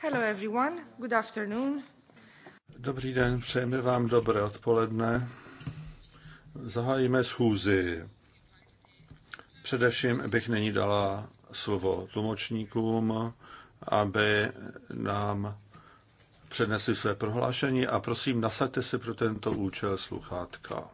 Hello everyone, good afternoon. Dobrý den, přejeme vám dobré odpoledne. Zahájíme schůzi. Především bych nyní dala slovo tlumočníkům, aby nám přednesli své prohlášení a prosím, nasaďte si pro tento účel sluchátka.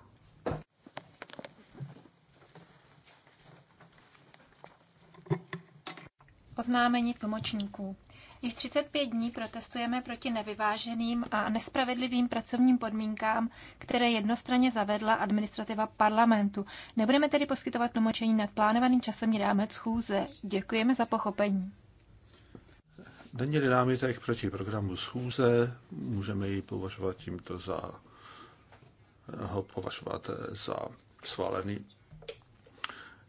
Oznámení tlumočníků. Již 35 dní protestujeme proti nevyváženým a nespravedlivým pracovním podmínkám, které jednostranně zavedla administrativa parlamentu. Nebudeme tedy poskytovat tlumočení nad plánovaným časovým rámec schůze. Děkujeme za pochopení. Denní námitek proti programu schůze můžeme ji považovat tímto za ho považovat za svalený.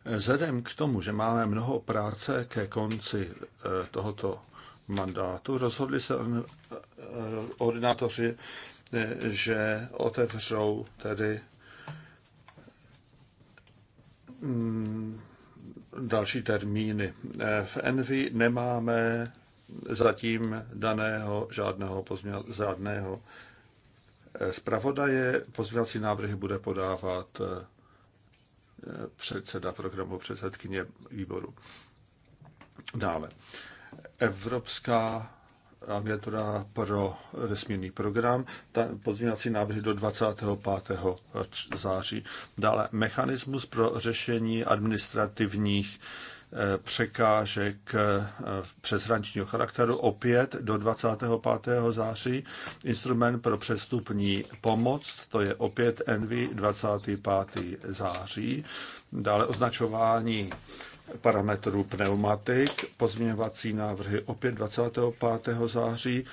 Vzhledem k tomu, že máme mnoho práce ke konci eh, tohoto mandátu. Rozhodli se ordinátoři, eh, že otevřou tedy mm, další termíny. Eh, v Envy nemáme zatím daného žádného, pozměl, žádného eh, zpravodaje. Pozvělací návrhy bude podávat předseda programu, předsedkyně výboru. Dále. Evropská agentura pro vesmírný program, pozměňovací návrhy do 25. září. Dále mechanismus pro řešení administrativních eh, překážek eh, přeshraničního charakteru opět do 25. září. Instrument pro přestupní pomoc, to je opět ENVI 25. září. Dále označování parametrů pneumatik, pozměňovací návrhy opět 25. září,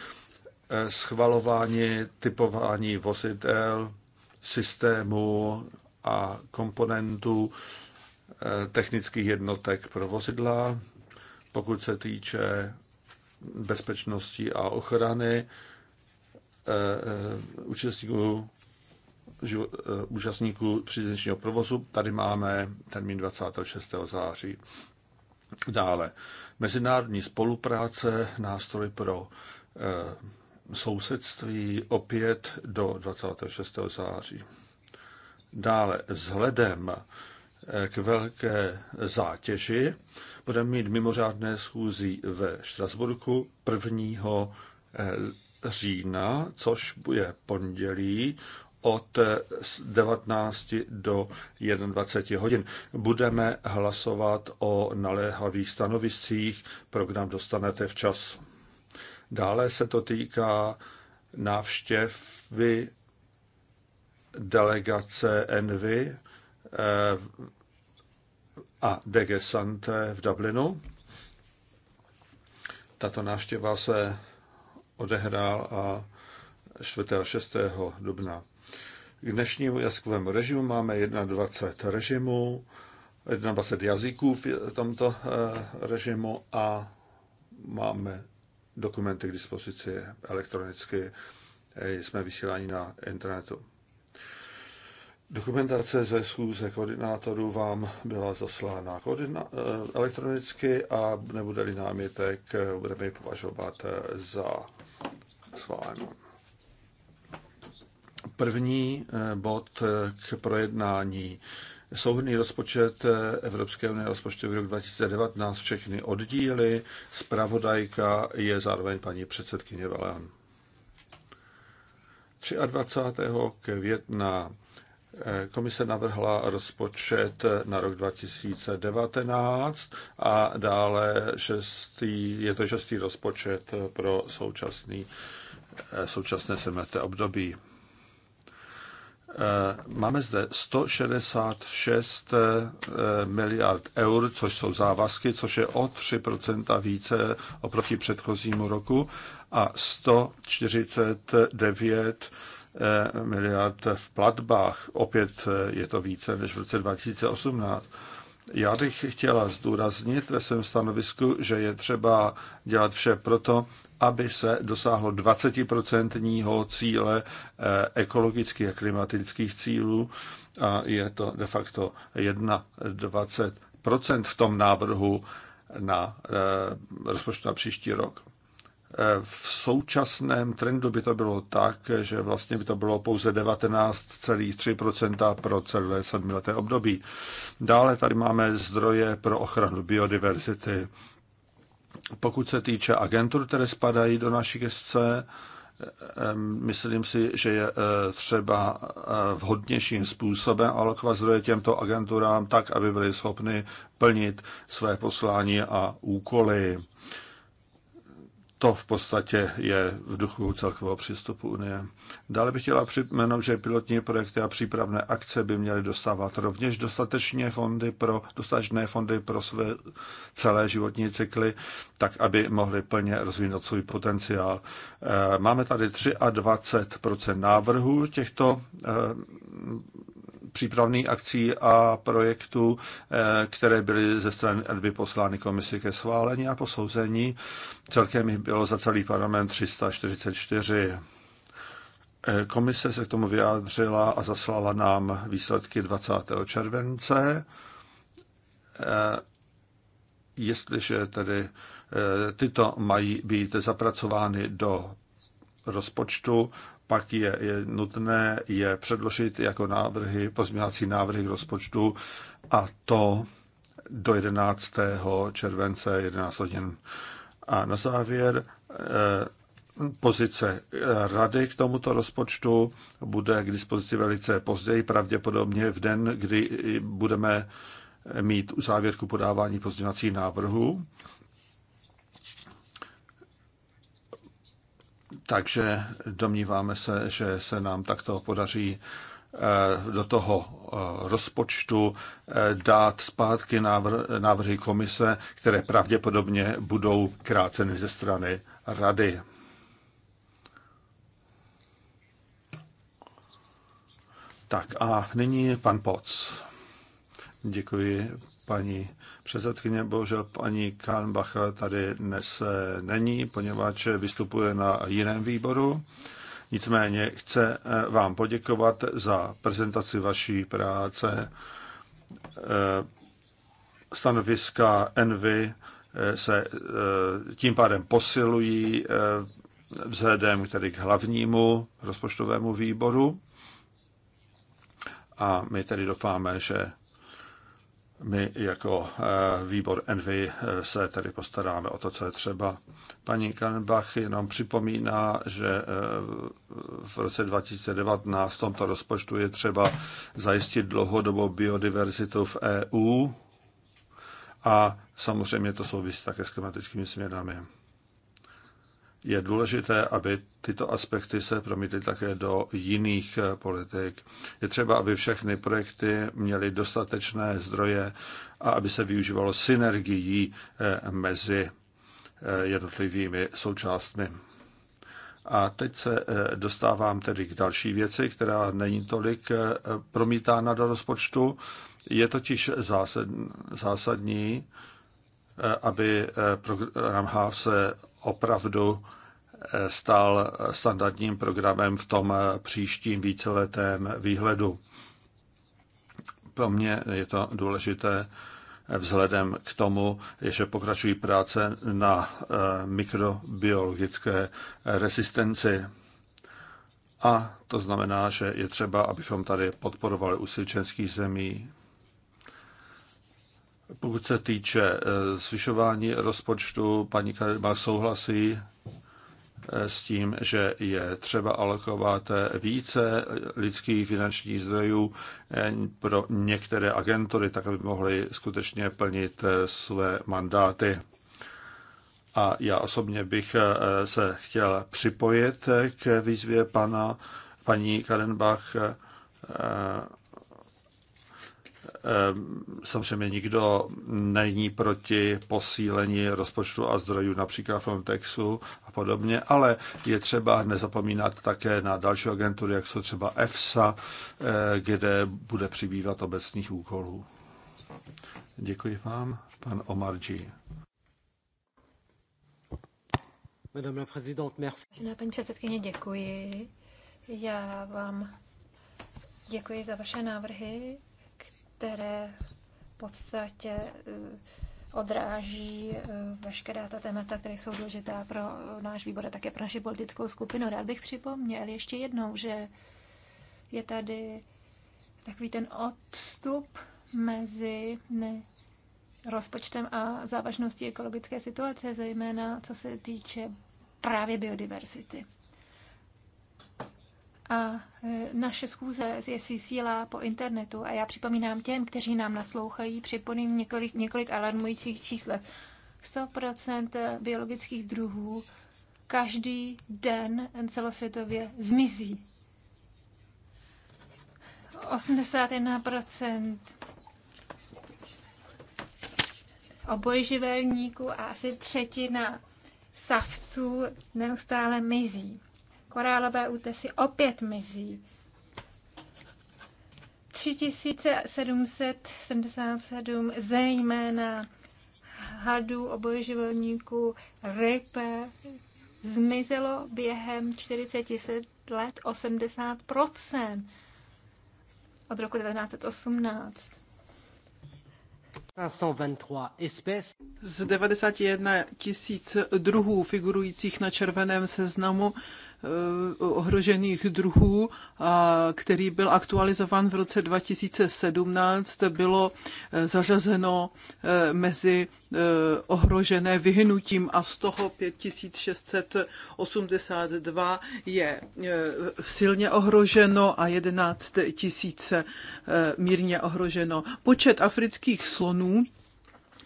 eh, schvalování, typování vozidel, systému a komponentů eh, technických jednotek pro vozidla, pokud se týče bezpečnosti a ochrany eh, účastníků život, eh, účastníků přízničního provozu. Tady máme termín 26. září. Dále, mezinárodní spolupráce, nástroj pro e, sousedství opět do 26. září. Dále, vzhledem eh, k velké zátěži budeme mít mimořádné schůzí ve Štrasburku 1. října, což bude pondělí od 19 eh, do 21 hodin. Budeme hlasovat o naléhavých stanoviscích, program dostanete včas. Dále se to týká návštěvy delegace Envy eh, a DG Sante v Dublinu. Tato návštěva se odehrál a 4. a 6. dubna. K dnešnímu jazykovému režimu máme 21 režimů, 21 jazyků v tomto eh, režimu a máme dokumenty k dispozici elektronicky. Eh, jsme vysílání na internetu. Dokumentace ze schůze koordinátorů vám byla zaslána eh, elektronicky a nebude-li námětek, budeme ji považovat za schválenou. První eh, bod eh, k projednání. Souhrný rozpočet eh, Evropské unie rozpočtový rok 2019 všechny oddíly. Spravodajka je zároveň paní předsedkyně Valán. 23. května Komise navrhla rozpočet na rok 2019 a dále šestý, je to šestý rozpočet pro současný, současné semete období. Eh, máme zde 166 eh, miliard eur, což jsou závazky, což je o 3 více oproti předchozímu roku a 149 eh, miliard v platbách. Opět je to více než v roce 2018. Já bych chtěla zdůraznit ve svém stanovisku, že je třeba dělat vše proto, aby se dosáhlo 20% cíle eh, ekologických a klimatických cílů a je to de facto 21% v tom návrhu na eh, rozpočtu na příští rok. Eh, v současném trendu by to bylo tak, že vlastně by to bylo pouze 19,3 pro celé sedmileté období. Dále tady máme zdroje pro ochranu biodiverzity. Pokud se týče agentur, které spadají do naší gestce, eh, myslím si, že je eh, třeba vhodnějším způsobem alokovat zdroje těmto agenturám tak, aby byly schopny plnit své poslání a úkoly to v podstatě je v duchu celkového přístupu Unie. Dále bych chtěla připomenout, že pilotní projekty a přípravné akce by měly dostávat rovněž dostatečné fondy pro, dostatečné fondy pro své celé životní cykly, tak aby mohly plně rozvinout svůj potenciál. Eh, máme tady 23% návrhů těchto eh, přípravných akcí a projektů, eh, které byly ze strany Edby poslány komisi ke schválení a posouzení. Celkem jich bylo za celý parlament 344. Eh, komise se k tomu vyjádřila a zaslala nám výsledky 20. července. Eh, jestliže tedy tyto mají být zapracovány do rozpočtu, pak je, je nutné je předložit jako návrhy, pozměňovací návrhy k rozpočtu a to do 11. července 11 hodin. A na závěr eh, pozice eh, rady k tomuto rozpočtu bude k dispozici velice později, pravděpodobně v den, kdy budeme mít závěrku podávání pozdějovacích návrhů Takže domníváme se, že se nám takto podaří eh, do toho eh, rozpočtu eh, dát zpátky návrhy komise, které pravděpodobně budou kráceny ze strany rady. Tak a nyní pan Poc. Děkuji, paní předsedkyně. Bohužel paní Kahnbach tady dnes eh, není, poněvadž vystupuje na jiném výboru. Nicméně chce eh, vám poděkovat za prezentaci vaší práce. Eh, stanoviska Envy se tím pádem posilují vzhledem tedy k hlavnímu rozpočtovému výboru. A my tedy doufáme, že my jako eh, výbor Envy eh, se tedy postaráme o to, co je třeba. Paní Kanbach jenom připomíná, že eh, v roce 2019 v tomto rozpočtu je třeba zajistit dlouhodobou biodiverzitu v EU a samozřejmě to souvisí také s klimatickými změnami je důležité, aby tyto aspekty se promítly také do jiných eh, politik. Je třeba, aby všechny projekty měly dostatečné zdroje a aby se využívalo synergií eh, mezi eh, jednotlivými součástmi. A teď se dostávám tedy k další věci, která není tolik promítána do rozpočtu. Je totiž zásadní, aby program HAV se opravdu eh, stal standardním programem v tom eh, příštím víceletém výhledu. Pro mě je to důležité eh, vzhledem k tomu, že pokračují práce na mikrobiologické rezistenci. A to znamená, že je třeba, abychom tady podporovali úsilí zemí pokud se týče eh, zvyšování rozpočtu, paní Karima souhlasí eh, s tím, že je třeba alokovat eh, více lidských finančních zdrojů pro některé agentury, tak aby mohly skutečně plnit své mandáty. A já osobně bych se chtěl připojit k výzvě pana, paní Karenbach Ehm, samozřejmě nikdo není proti posílení rozpočtu a zdrojů například Frontexu a podobně, ale je třeba nezapomínat také na další agentury, jak jsou třeba EFSA, eh, kde bude přibývat obecných úkolů. Děkuji vám, pan G. Madame la présidente, merci. Vážená paní předsedkyně, děkuji. Já vám děkuji za vaše návrhy které v podstatě eh, odráží eh, veškerá ta témata, které jsou důležitá pro náš výbor a také pro naši politickou skupinu. Rád bych připomněl ještě jednou, že je tady takový ten odstup mezi ne, rozpočtem a závažností ekologické situace, zejména co se týče právě biodiverzity a e, naše schůze je vysílá po internetu a já připomínám těm, kteří nám naslouchají, připomínám několik, několik alarmujících číslech. 100% biologických druhů každý den celosvětově zmizí. 81% obojživelníků a asi třetina savců neustále mizí korálové útesy opět mizí. 3777 zejména hadů, obojživelníků, ryb zmizelo během 47 let 80 od roku 1918. 523 Z 91 tisíc druhů figurujících na červeném seznamu Eh, ohrožených druhů, který byl aktualizován v roce 2017, bylo eh, zařazeno eh, mezi ohrožené vyhnutím a z toho 5682 je silně ohroženo a 11 000 mírně ohroženo. Počet afrických slonů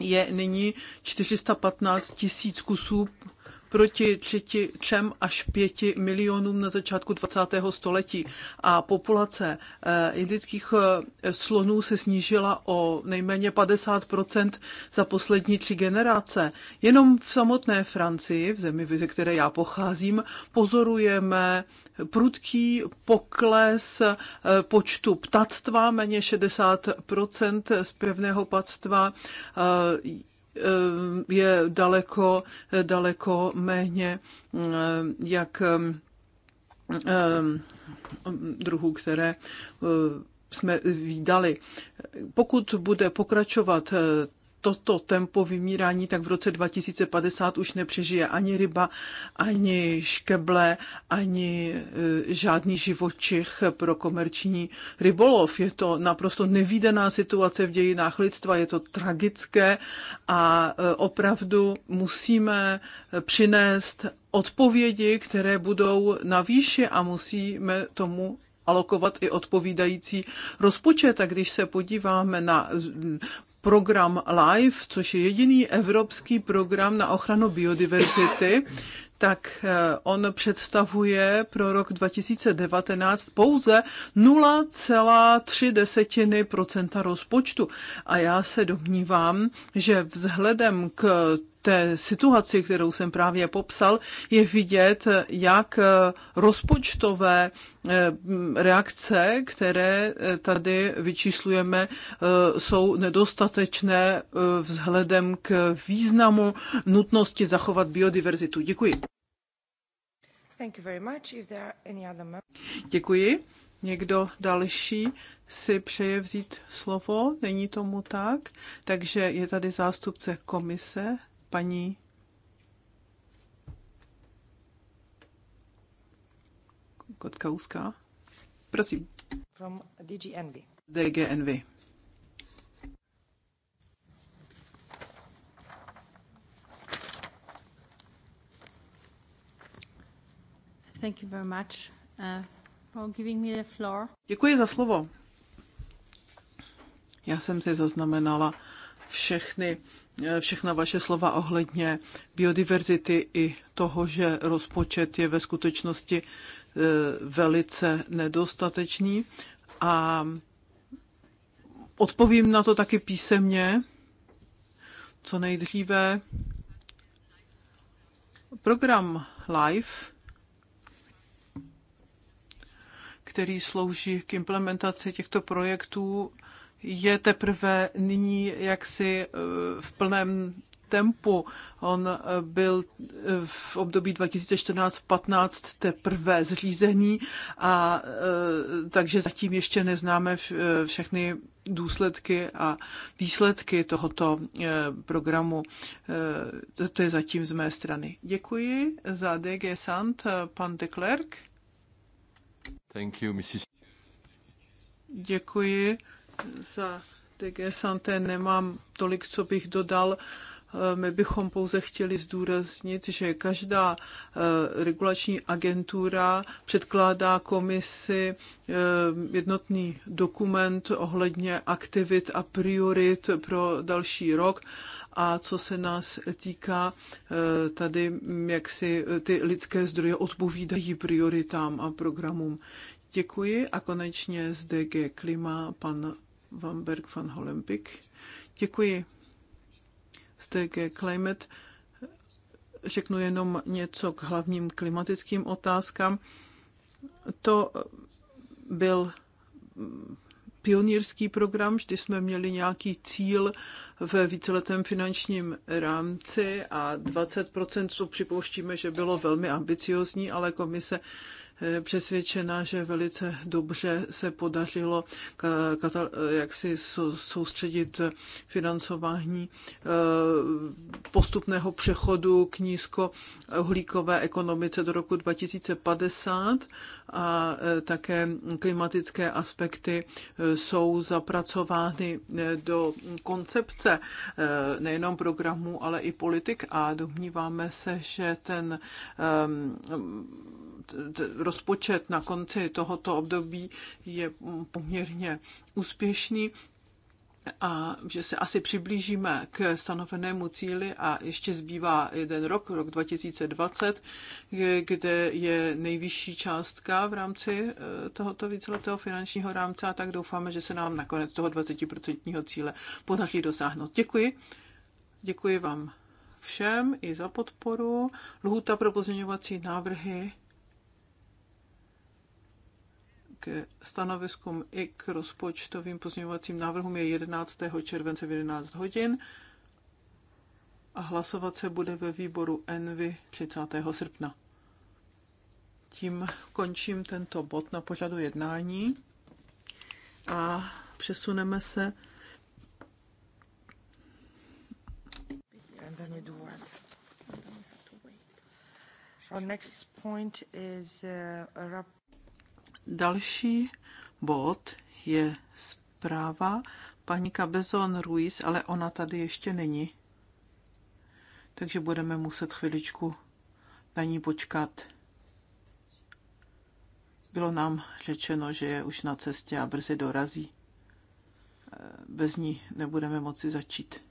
je nyní 415 000 kusů proti třeti, třem až pěti milionům na začátku 20. století. A populace eh, indických eh, slonů se snížila o nejméně 50 za poslední tři generace. Jenom v samotné Francii, v zemi, ze které já pocházím, pozorujeme prudký pokles eh, počtu ptactva, méně 60 z pevného ptactva Eh, je daleko, eh, daleko méně eh, jak druhů, které jsme vydali. Pokud bude pokračovat toto tempo vymírání, tak v roce 2050 už nepřežije ani ryba, ani škeble, ani e, žádný živočich pro komerční rybolov. Je to naprosto nevýdaná situace v dějinách lidstva, je to tragické a e, opravdu musíme e, přinést odpovědi, které budou na výši a musíme tomu alokovat i odpovídající rozpočet. A když se podíváme na program LIFE, což je jediný evropský program na ochranu biodiverzity, tak eh, on představuje pro rok 2019 pouze 0,3 desetiny procenta rozpočtu. A já se domnívám, že vzhledem k té situaci, kterou jsem právě popsal, je vidět, jak rozpočtové eh, reakce, které eh, tady vyčíslujeme, eh, jsou nedostatečné vzhledem k významu nutnosti zachovat biodiverzitu. Děkuji. Other... Děkuji. Někdo další si přeje vzít slovo? Není tomu tak. Takže je tady zástupce komise paní Kotkauská. Prosím. From DG Envy. DG Envy. Thank you very much uh, for giving me the floor. Děkuji za slovo. Já jsem si zaznamenala všechny E, všechna vaše slova ohledně biodiverzity i toho, že rozpočet je ve skutečnosti e, velice nedostatečný. A odpovím na to taky písemně, co nejdříve. Program LIFE, který slouží k implementaci těchto projektů, je teprve nyní jaksi eh, v plném tempu. On eh, byl eh, v období 2014-15 teprve zřízený, a, takže zatím ještě neznáme všechny důsledky a výsledky tohoto programu. To je zatím z mé strany. Děkuji za DG Sant, pan de Klerk. Thank you, Mrs. Děkuji za DG Santé nemám tolik, co bych dodal. Eh, my bychom pouze chtěli zdůraznit, že každá eh, regulační agentura předkládá komisi eh, jednotný dokument ohledně aktivit a priorit pro další rok. A co se nás týká, tady mm, jak si ty lidské zdroje odpovídají prioritám a programům. Děkuji a konečně z DG Klima pan Vamberg van Holempik. Děkuji. Z TG Climate řeknu jenom něco k hlavním klimatickým otázkám. To byl pionýrský program, vždy jsme měli nějaký cíl ve víceletém finančním rámci a 20% co připouštíme, že bylo velmi ambiciozní, ale komise Eh, přesvědčena, že velice dobře se podařilo eh, jak si soustředit financování eh, postupného přechodu k nízkouhlíkové ekonomice do roku 2050 a e, také klimatické aspekty e, jsou zapracovány e, do koncepce nejenom programů, ale i politik a domníváme se, že ten rozpočet na konci tohoto období je poměrně úspěšný a že se asi přiblížíme k stanovenému cíli a ještě zbývá jeden rok, rok 2020, kde je nejvyšší částka v rámci eh, tohoto víceletého finančního rámce a tak doufáme, že se nám nakonec toho 20% cíle podaří dosáhnout. Děkuji. Děkuji vám všem i za podporu. Lhuta pro pozměňovací návrhy ke stanoviskům i k rozpočtovým pozměňovacím návrhům je 11. července v 11 hodin a hlasovat se bude ve výboru Envy 30. srpna. Tím končím tento bod na pořadu jednání a přesuneme se Our next point is uh, a rap Další bod je zpráva paní Cabezon Ruiz, ale ona tady ještě není. Takže budeme muset chviličku na ní počkat. Bylo nám řečeno, že je už na cestě a brzy dorazí. Bez ní nebudeme moci začít.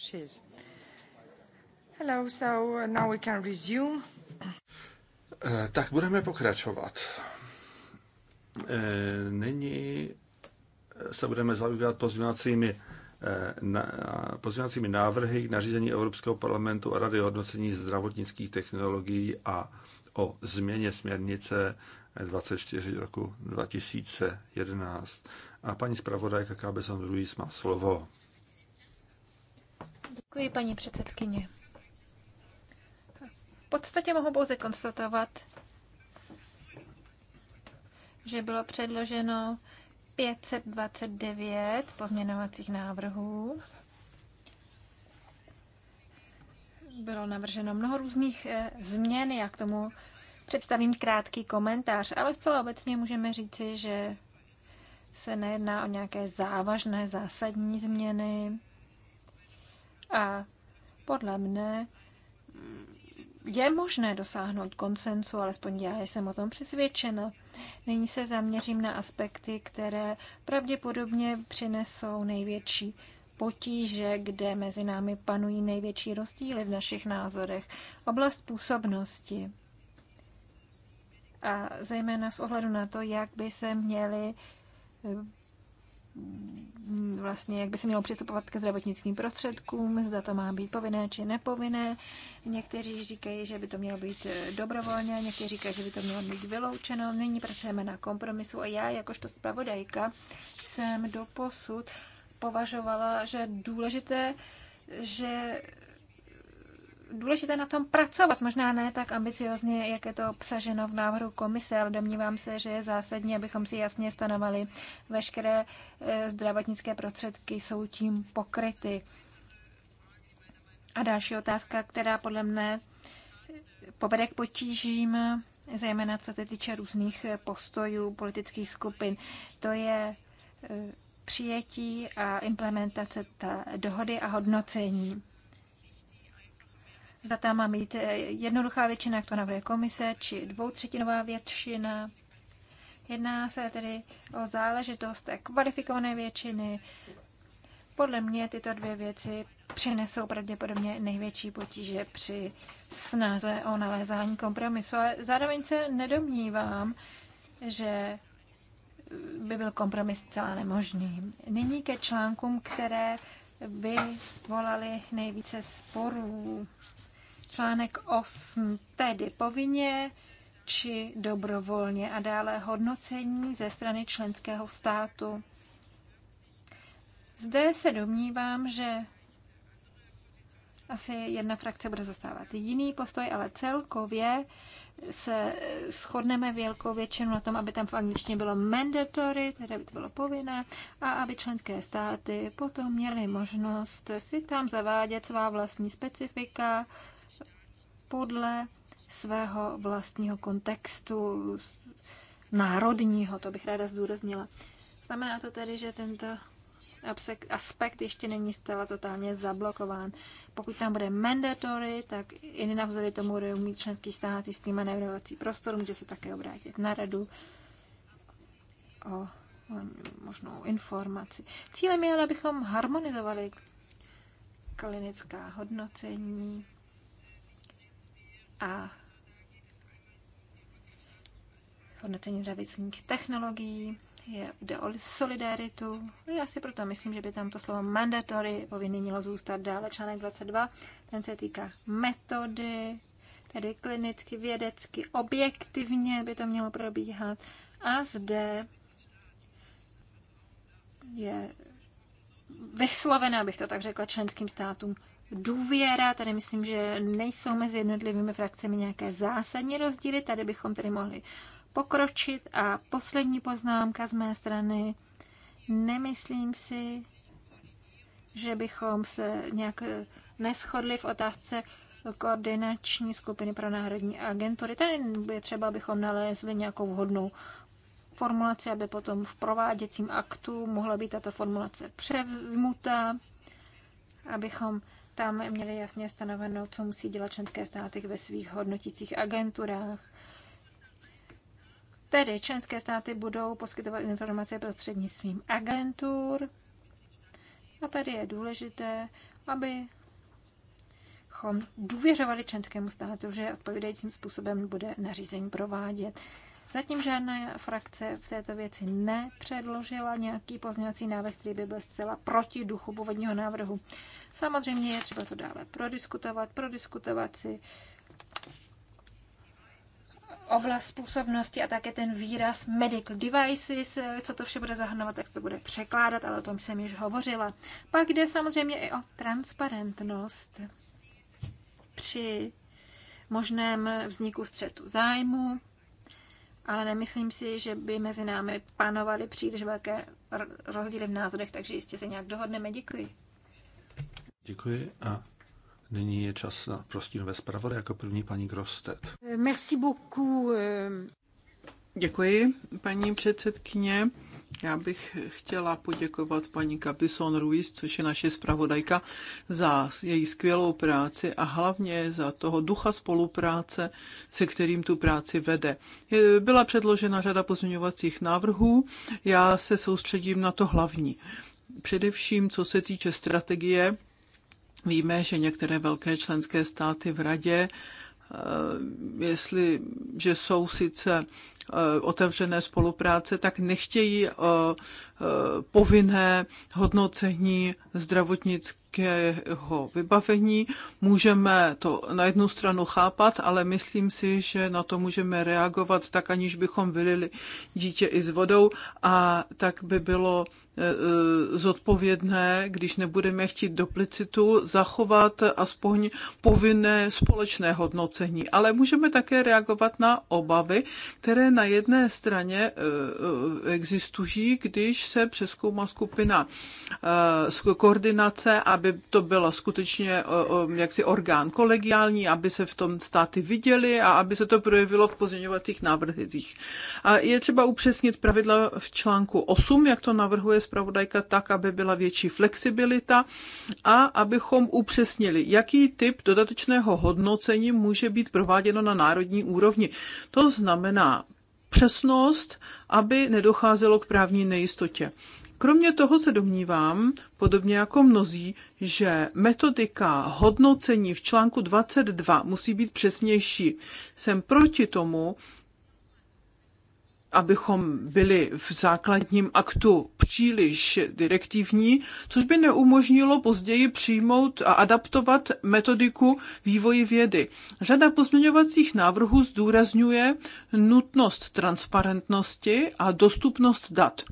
She Hello, so uh, now we can resume. Eh, tak budeme pokračovat. Eh, nyní eh, se budeme zabývat pozměňovacími pozměňovacími návrhy k nařízení Evropského parlamentu a Rady o hodnocení zdravotnických technologií a o změně směrnice 24 roku 2011. A paní zpravodajka Kábezon Luis má slovo. Děkuji, paní předsedkyně. V podstatě mohu pouze konstatovat, že bylo předloženo 529 pozměňovacích návrhů. Bylo navrženo mnoho různých eh, změn, Jak tomu představím krátký komentář, ale zcela obecně můžeme říci, že se nejedná o nějaké závažné, zásadní změny. A podle mne je možné dosáhnout konsenzu, alespoň já jsem o tom přesvědčena. Nyní se zaměřím na aspekty, které pravděpodobně přinesou největší potíže, kde mezi námi panují největší rozdíly v našich názorech. Oblast působnosti. A zejména s ohledu na to, jak by se měly Mm, vlastně, jak by se mělo přistupovat ke zdravotnickým prostředkům, zda to má být povinné či nepovinné. Někteří říkají, že by to mělo být eh, dobrovolné, někteří říkají, že by to mělo být vyloučeno. Nyní pracujeme na kompromisu a já, jakožto zpravodajka, jsem do posud považovala, že důležité, že důležité na tom pracovat. Možná ne tak ambiciozně, jak je to obsaženo v návrhu komise, ale domnívám se, že je zásadní, abychom si jasně stanovali, veškeré eh, zdravotnické prostředky jsou tím pokryty. A další otázka, která podle mne eh, povede k potížím, zejména co se týče různých eh, postojů politických skupin, to je přijetí a implementace té dohody a hodnocení. Zda tam má mít eh, jednoduchá většina, jak to navrhuje komise, či dvoutřetinová většina. Jedná se tedy o záležitost kvalifikované většiny. Podle mě tyto dvě věci přinesou pravděpodobně největší potíže při snaze o nalézání kompromisu. Ale zároveň se nedomnívám, že by byl kompromis celá nemožný. Nyní ke článkům, které by volali nejvíce sporů. Článek 8, tedy povinně či dobrovolně a dále hodnocení ze strany členského státu. Zde se domnívám, že asi jedna frakce bude zastávat jiný postoj, ale celkově se shodneme velkou většinu na tom, aby tam v angličtině bylo mandatory, tedy aby to bylo povinné, a aby členské státy potom měly možnost si tam zavádět svá vlastní specifika, podle svého vlastního kontextu národního, to bych ráda zdůraznila. Znamená to tedy, že tento aspekt ještě není zcela totálně zablokován. Pokud tam bude mandatory, tak i navzory tomu bude umít členský stát tím manévrovací prostor, může se také obrátit na radu o možnou informaci. Cílem je, abychom harmonizovali klinická hodnocení, a hodnocení zdravicních technologií, je, jde o solidaritu. Já si proto myslím, že by tam to slovo mandatory povinný mělo zůstat dále. Článek 22, ten se týká metody, tedy klinicky, vědecky, objektivně by to mělo probíhat. A zde je vyslovené, bych to tak řekla, členským státům důvěra. Tady myslím, že nejsou mezi jednotlivými frakcemi nějaké zásadní rozdíly. Tady bychom tedy mohli pokročit. A poslední poznámka z mé strany. Nemyslím si, že bychom se nějak neschodli v otázce koordinační skupiny pro národní agentury. Tady je třeba, abychom nalezli nějakou vhodnou formulaci, aby potom v prováděcím aktu mohla být tato formulace převmuta, abychom tam měli jasně stanoveno, co musí dělat členské státy ve svých hodnotících agenturách. Tedy členské státy budou poskytovat informace prostřednictvím agentur. A tady je důležité, aby důvěřovali členskému státu, že odpovídajícím způsobem bude nařízení provádět. Zatím žádná frakce v této věci nepředložila nějaký pozměňovací návrh, který by byl zcela proti duchu původního návrhu. Samozřejmě je třeba to dále prodiskutovat, prodiskutovat si oblast způsobnosti a také ten výraz medical devices, co to vše bude zahrnovat, jak se to bude překládat, ale o tom jsem již hovořila. Pak jde samozřejmě i o transparentnost při možném vzniku střetu zájmu, ale nemyslím si, že by mezi námi panovaly příliš velké rozdíly v názorech, takže jistě se nějak dohodneme. Děkuji. Děkuji a nyní je čas na prostím ve zpravě jako první paní Grostet. Merci beaucoup. Euh. Děkuji, paní předsedkyně. Já bych chtěla poděkovat paní Capison Ruiz, což je naše zpravodajka, za její skvělou práci a hlavně za toho ducha spolupráce, se kterým tu práci vede. Byla předložena řada pozměňovacích návrhů, já se soustředím na to hlavní. Především, co se týče strategie, víme, že některé velké členské státy v radě Eh, jestli, že jsou sice eh, otevřené spolupráce, tak nechtějí eh, povinné hodnocení zdravotnické jeho vybavení. Můžeme to na jednu stranu chápat, ale myslím si, že na to můžeme reagovat tak, aniž bychom vylili dítě i s vodou a tak by bylo e, e, zodpovědné, když nebudeme chtít duplicitu, zachovat aspoň povinné společné hodnocení. Ale můžeme také reagovat na obavy, které na jedné straně e, existují, když se přeskoumá skupina koordinace a aby to byla skutečně eh, eh, jaksi orgán kolegiální, aby se v tom státy viděly a aby se to projevilo v pozměňovacích návrhcích. A je třeba upřesnit pravidla v článku 8, jak to navrhuje zpravodajka, tak, aby byla větší flexibilita a abychom upřesnili, jaký typ dodatečného hodnocení může být prováděno na národní úrovni. To znamená přesnost, aby nedocházelo k právní nejistotě. Kromě toho se domnívám, podobně jako mnozí, že metodika hodnocení v článku 22 musí být přesnější. Jsem proti tomu, abychom byli v základním aktu příliš direktivní, což by neumožnilo později přijmout a adaptovat metodiku vývoji vědy. Řada pozměňovacích návrhů zdůrazňuje nutnost transparentnosti a dostupnost dat.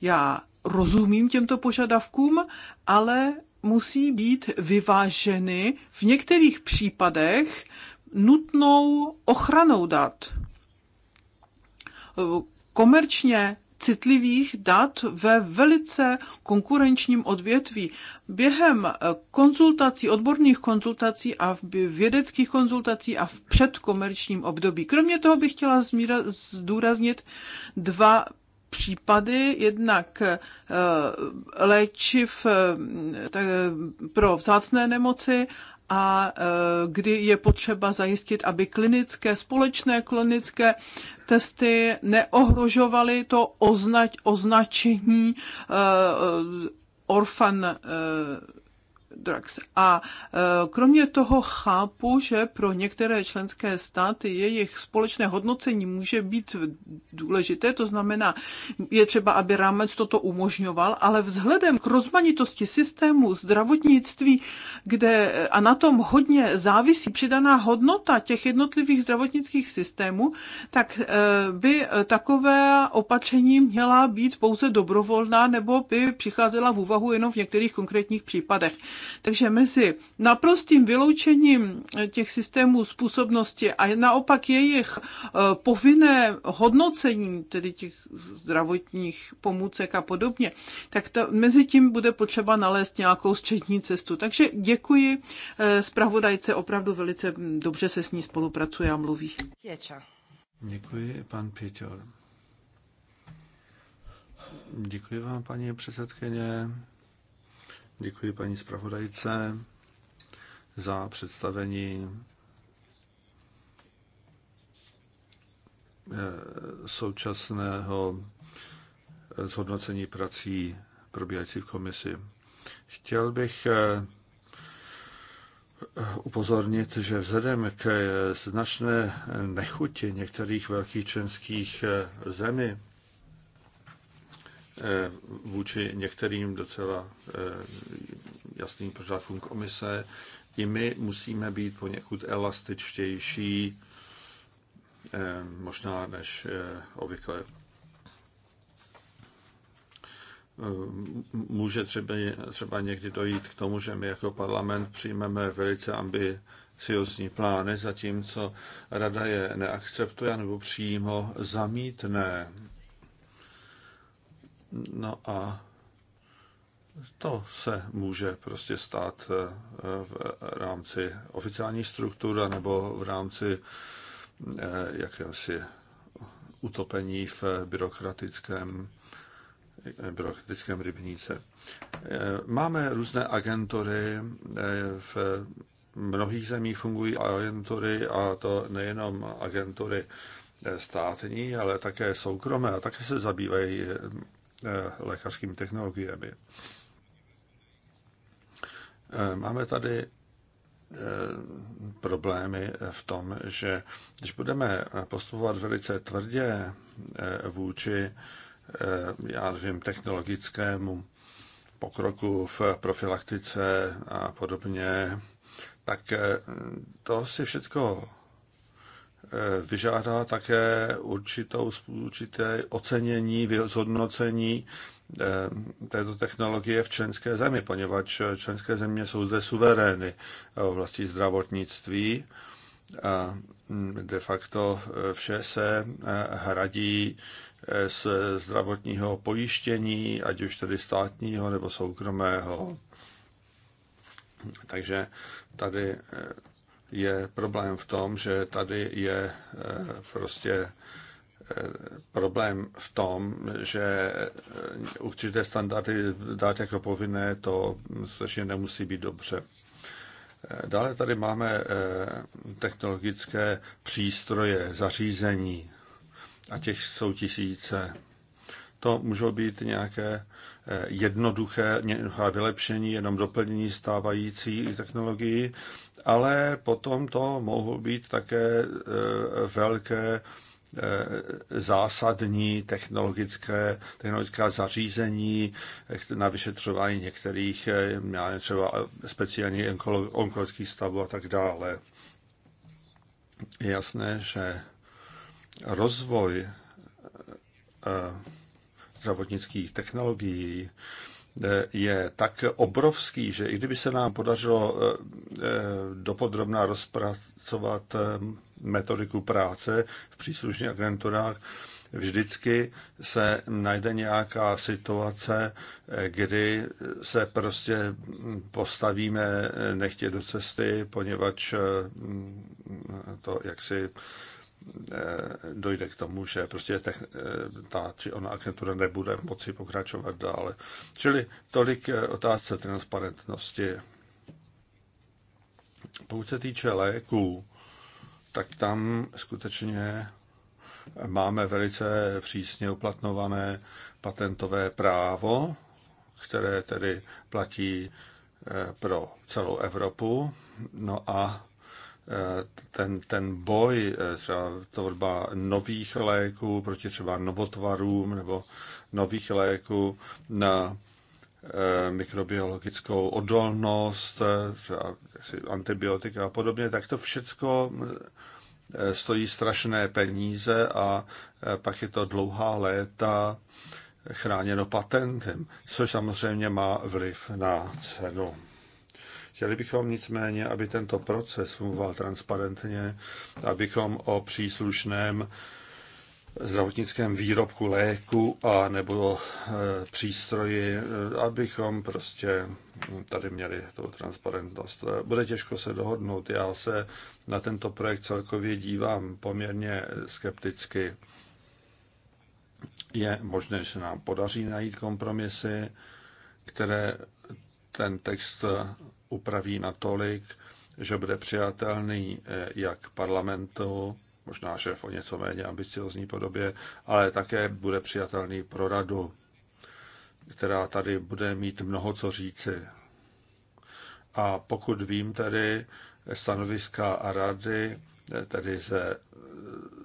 Já rozumím těmto požadavkům, ale musí být vyváženy v některých případech nutnou ochranou dat. Komerčně citlivých dat ve velice konkurenčním odvětví. Během konzultací, odborných konzultací a v vědeckých konzultací a v předkomerčním období. Kromě toho bych chtěla zdůraznit dva případy, jednak eh, léčiv eh, eh, pro vzácné nemoci a kdy je potřeba zajistit, aby klinické, společné klinické testy neohrožovaly to označ, označení orfan Drugs. A e, kromě toho chápu, že pro některé členské státy jejich společné hodnocení může být důležité, to znamená, je třeba, aby rámec toto umožňoval, ale vzhledem k rozmanitosti systému zdravotnictví, kde a na tom hodně závisí přidaná hodnota těch jednotlivých zdravotnických systémů, tak e, by takové opatření měla být pouze dobrovolná nebo by přicházela v úvahu jenom v některých konkrétních případech. Takže mezi naprostým vyloučením eh, těch systémů způsobnosti a naopak jejich eh, povinné hodnocení, tedy těch zdravotních pomůcek a podobně, tak to, mezi tím bude potřeba nalézt nějakou střední cestu. Takže děkuji eh, zpravodajce, opravdu velice dobře se s ní spolupracuje a mluví. Děča. Děkuji, pan Pěťor. Děkuji vám, paní předsedkyně. Děkuji paní zpravodajce za představení eh, současného eh, zhodnocení prací probíhající v komisi. Chtěl bych eh, upozornit, že vzhledem k značné nechutě některých velkých členských zemí Eh, vůči některým docela eh, jasným požadavkům komise. I my musíme být poněkud elastičtější, eh, možná než obvykle. Může třeba, třeba někdy dojít k tomu, že my jako parlament přijmeme velice ambiciozní plány, zatímco rada je neakceptuje nebo přímo zamítne. No a to se může prostě stát eh, v rámci oficiální struktury nebo v rámci eh, jakéhosi utopení v byrokratickém, eh, byrokratickém rybníce. Máme různé agentury, v mnohých zemích fungují agentury a to nejenom agentury státní, ale také soukromé a také se zabývají Eh, lékařskými technologiemi. Eh, máme tady eh, problémy v tom, že když budeme postupovat velice tvrdě vůči já nevím, technologickému pokroku v profilaktice a podobně, tak to si všechno Eh, vyžádá také určitou, určité ocenění, vyhodnocení eh, této technologie v členské zemi, poněvadž členské země jsou zde suverény v oblasti zdravotnictví. A mm, de facto eh, vše se hradí z zdravotního pojištění, ať už tedy státního nebo soukromého. Takže tady je problém v tom, že tady je eh, prostě eh, problém v tom, že eh, určité standardy dát jako povinné, to skutečně nemusí být dobře. Dále tady máme technologické přístroje, zařízení a těch jsou tisíce. To můžou být nějaké jednoduché, vylepšení, jenom doplnění stávající technologií, ale potom to mohou být také e, velké e, zásadní technologické, technologická zařízení e, na vyšetřování některých, já nevím, třeba speciální onkolo, onkologických stavů a tak dále. Je jasné, že rozvoj zdravotnických technologií je tak obrovský, že i kdyby se nám podařilo Eh, dopodrobná rozpracovat eh, metodiku práce v příslušných agenturách, vždycky se najde nějaká situace, eh, kdy se prostě postavíme nechtě do cesty, poněvadž mm, to jaksi dojde k tomu, že prostě ta či ona agentura nebude moci pokračovat dále. Čili tolik otázce transparentnosti. Pokud se týče léků, tak tam skutečně máme velice přísně uplatnované patentové právo, které tedy platí eh, pro celou Evropu. No a eh, ten, ten boj, eh, třeba tvorba nových léků proti třeba novotvarům nebo nových léků na Eh, mikrobiologickou odolnost, eh, třeba antibiotika a podobně, tak to všecko eh, stojí strašné peníze a pak je to dlouhá léta chráněno patentem, což samozřejmě má vliv na cenu. Chtěli bychom nicméně, aby tento proces fungoval transparentně, abychom o příslušném zdravotnickém výrobku léku a nebo e, přístroji, e, abychom prostě tady měli tu transparentnost. E, bude těžko se dohodnout. Já se na tento projekt celkově dívám poměrně skepticky. Je možné, že se nám podaří najít kompromisy, které ten text upraví natolik, že bude přijatelný jak parlamentu, možná šéf o něco méně ambiciozní podobě, ale také bude přijatelný pro radu, která tady bude mít mnoho co říci. A pokud vím tedy stanoviska a rady, tedy ze,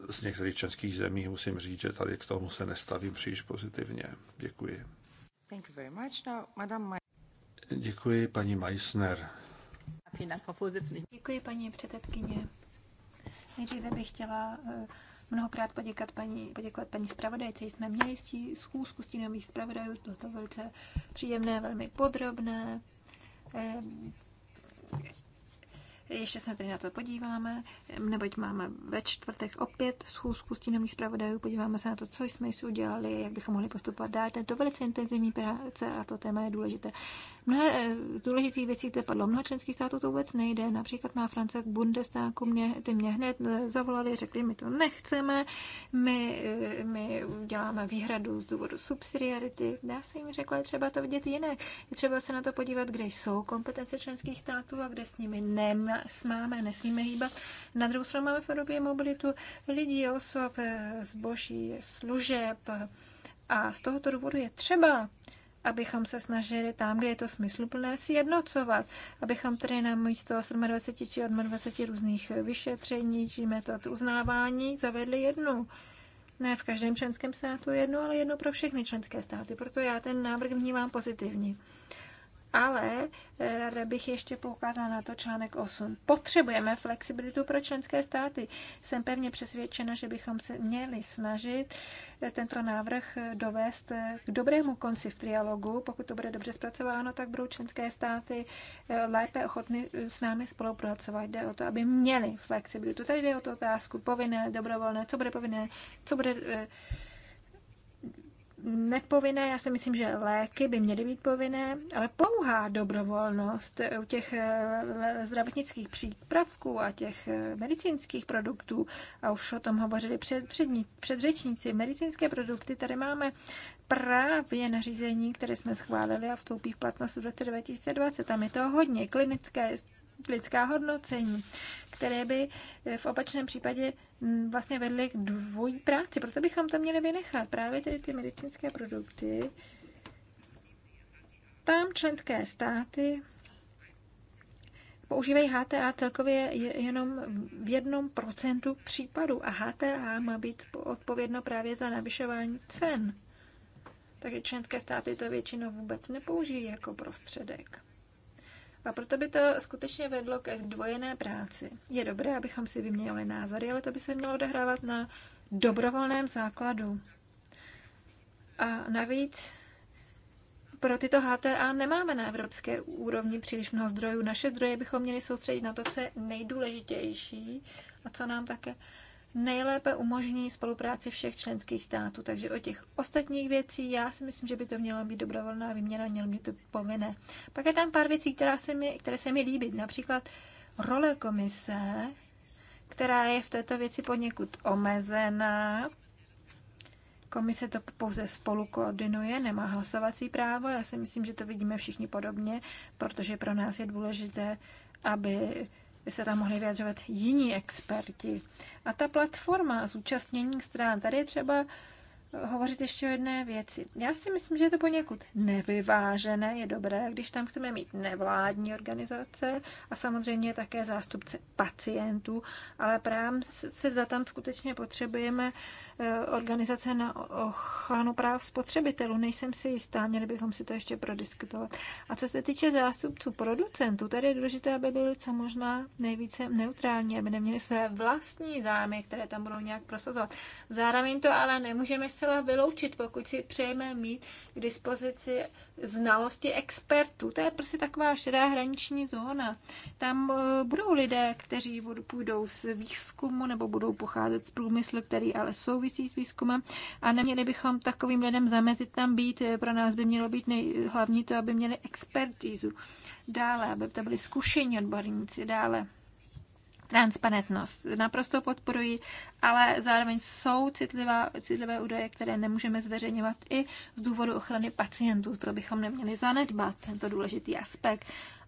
z některých českých zemí, musím říct, že tady k tomu se nestavím příliš pozitivně. Děkuji. Thank you very much. Now, Madame Děkuji, paní Meissner. Děkuji, paní předsedkyně. Nejdříve bych chtěla eh, mnohokrát poděkat paní, poděkovat paní zpravodajce. Jsme měli schůzku nových zpravodajů, bylo to velice příjemné, velmi podrobné. Eh, ještě se tady na to podíváme, neboť máme ve čtvrtek opět schůzku stínových zpravodajů, podíváme se na to, co jsme si udělali, jak bychom mohli postupovat dál. to velice intenzivní práce a to téma je důležité. Mnohé eh, důležitých věcí které padlo. Mnoho členských států to vůbec nejde. Například má Francie k Bundestagu, mě, ty mě hned eh, zavolali, řekli, my to nechceme, my, eh, my děláme výhradu z důvodu subsidiarity. Já jsem jim řekla, je třeba to vidět jinak. Je třeba se na to podívat, kde jsou kompetence členských států a kde s nimi nemáme, nesmíme hýbat. Na druhou stranu máme v Evropě mobilitu lidí, osob, zboží, služeb. A z tohoto důvodu je třeba abychom se snažili tam, kde je to smysluplné, sjednocovat, abychom tedy na místo 27 či 28 různých vyšetření či metod uznávání zavedli jednu. Ne v každém členském státu jednu, ale jednu pro všechny členské státy. Proto já ten návrh vnímám pozitivně. Ale eh, ráda bych ještě poukázala na to článek 8. Potřebujeme flexibilitu pro členské státy. Jsem pevně přesvědčena, že bychom se měli snažit eh, tento návrh eh, dovést k dobrému konci v trialogu. Pokud to bude dobře zpracováno, tak budou členské státy lépe ochotny s námi spolupracovat. Jde o to, aby měli flexibilitu. Tady jde o tu otázku povinné, dobrovolné, co bude povinné, co bude nepovinné, já si myslím, že léky by měly být povinné, ale pouhá dobrovolnost u těch eh, zdravotnických přípravků a těch eh, medicínských produktů, a už o tom hovořili před, předřečníci, medicínské produkty, tady máme právě nařízení, které jsme schválili a vstoupí v platnost v roce 2020. Tam je to hodně. Klinické lidská hodnocení, které by eh, v opačném případě mm, vlastně vedly k dvojí práci. Proto bychom to měli vynechat. Právě tedy ty medicínské produkty, tam členské státy používají HTA celkově jenom v jednom procentu případů a HTA má být odpovědno právě za navyšování cen. Takže členské státy to většinou vůbec nepoužijí jako prostředek. A proto by to skutečně vedlo ke zdvojené práci. Je dobré, abychom si vyměnili názory, ale to by se mělo odehrávat na dobrovolném základu. A navíc pro tyto HTA nemáme na evropské úrovni příliš mnoho zdrojů. Naše zdroje bychom měli soustředit na to, co je nejdůležitější a co nám také nejlépe umožní spolupráci všech členských států. Takže o těch ostatních věcí já si myslím, že by to měla být dobrovolná výměna, mělo mě to povinné. Pak je tam pár věcí, která se mi, které se mi líbí. Například role komise, která je v této věci poněkud omezená. Komise to pouze spolu koordinuje, nemá hlasovací právo. Já si myslím, že to vidíme všichni podobně, protože pro nás je důležité, aby by se tam mohli vyjadřovat jiní experti. A ta platforma zúčastnění stran, tady je třeba hovořit ještě o jedné věci. Já si myslím, že je to poněkud nevyvážené. Je dobré, když tam chceme mít nevládní organizace a samozřejmě také zástupce pacientů, ale právě se zda tam skutečně potřebujeme eh, organizace na ochranu práv spotřebitelů. Nejsem si jistá, měli bychom si to ještě prodiskutovat. A co se týče zástupců producentů, tady je důležité, aby byli co možná nejvíce neutrální, aby neměli své vlastní zájmy, které tam budou nějak prosazovat. Zároveň to ale nemůžeme zcela vyloučit, pokud si přejeme mít k dispozici znalosti expertů. To je prostě taková šedá hraniční zóna. Tam eh, budou lidé, kteří půjdou z výzkumu nebo budou pocházet z průmyslu, který ale souvisí s výzkumem a neměli bychom takovým lidem zamezit tam být. Eh, pro nás by mělo být nej, hlavní to, aby měli expertízu. Dále, aby to byli zkušení odborníci. Dále, transparentnost. Naprosto podporuji, ale zároveň jsou citlivá, citlivé údaje, které nemůžeme zveřejňovat i z důvodu ochrany pacientů. To bychom neměli zanedbat, tento důležitý aspekt.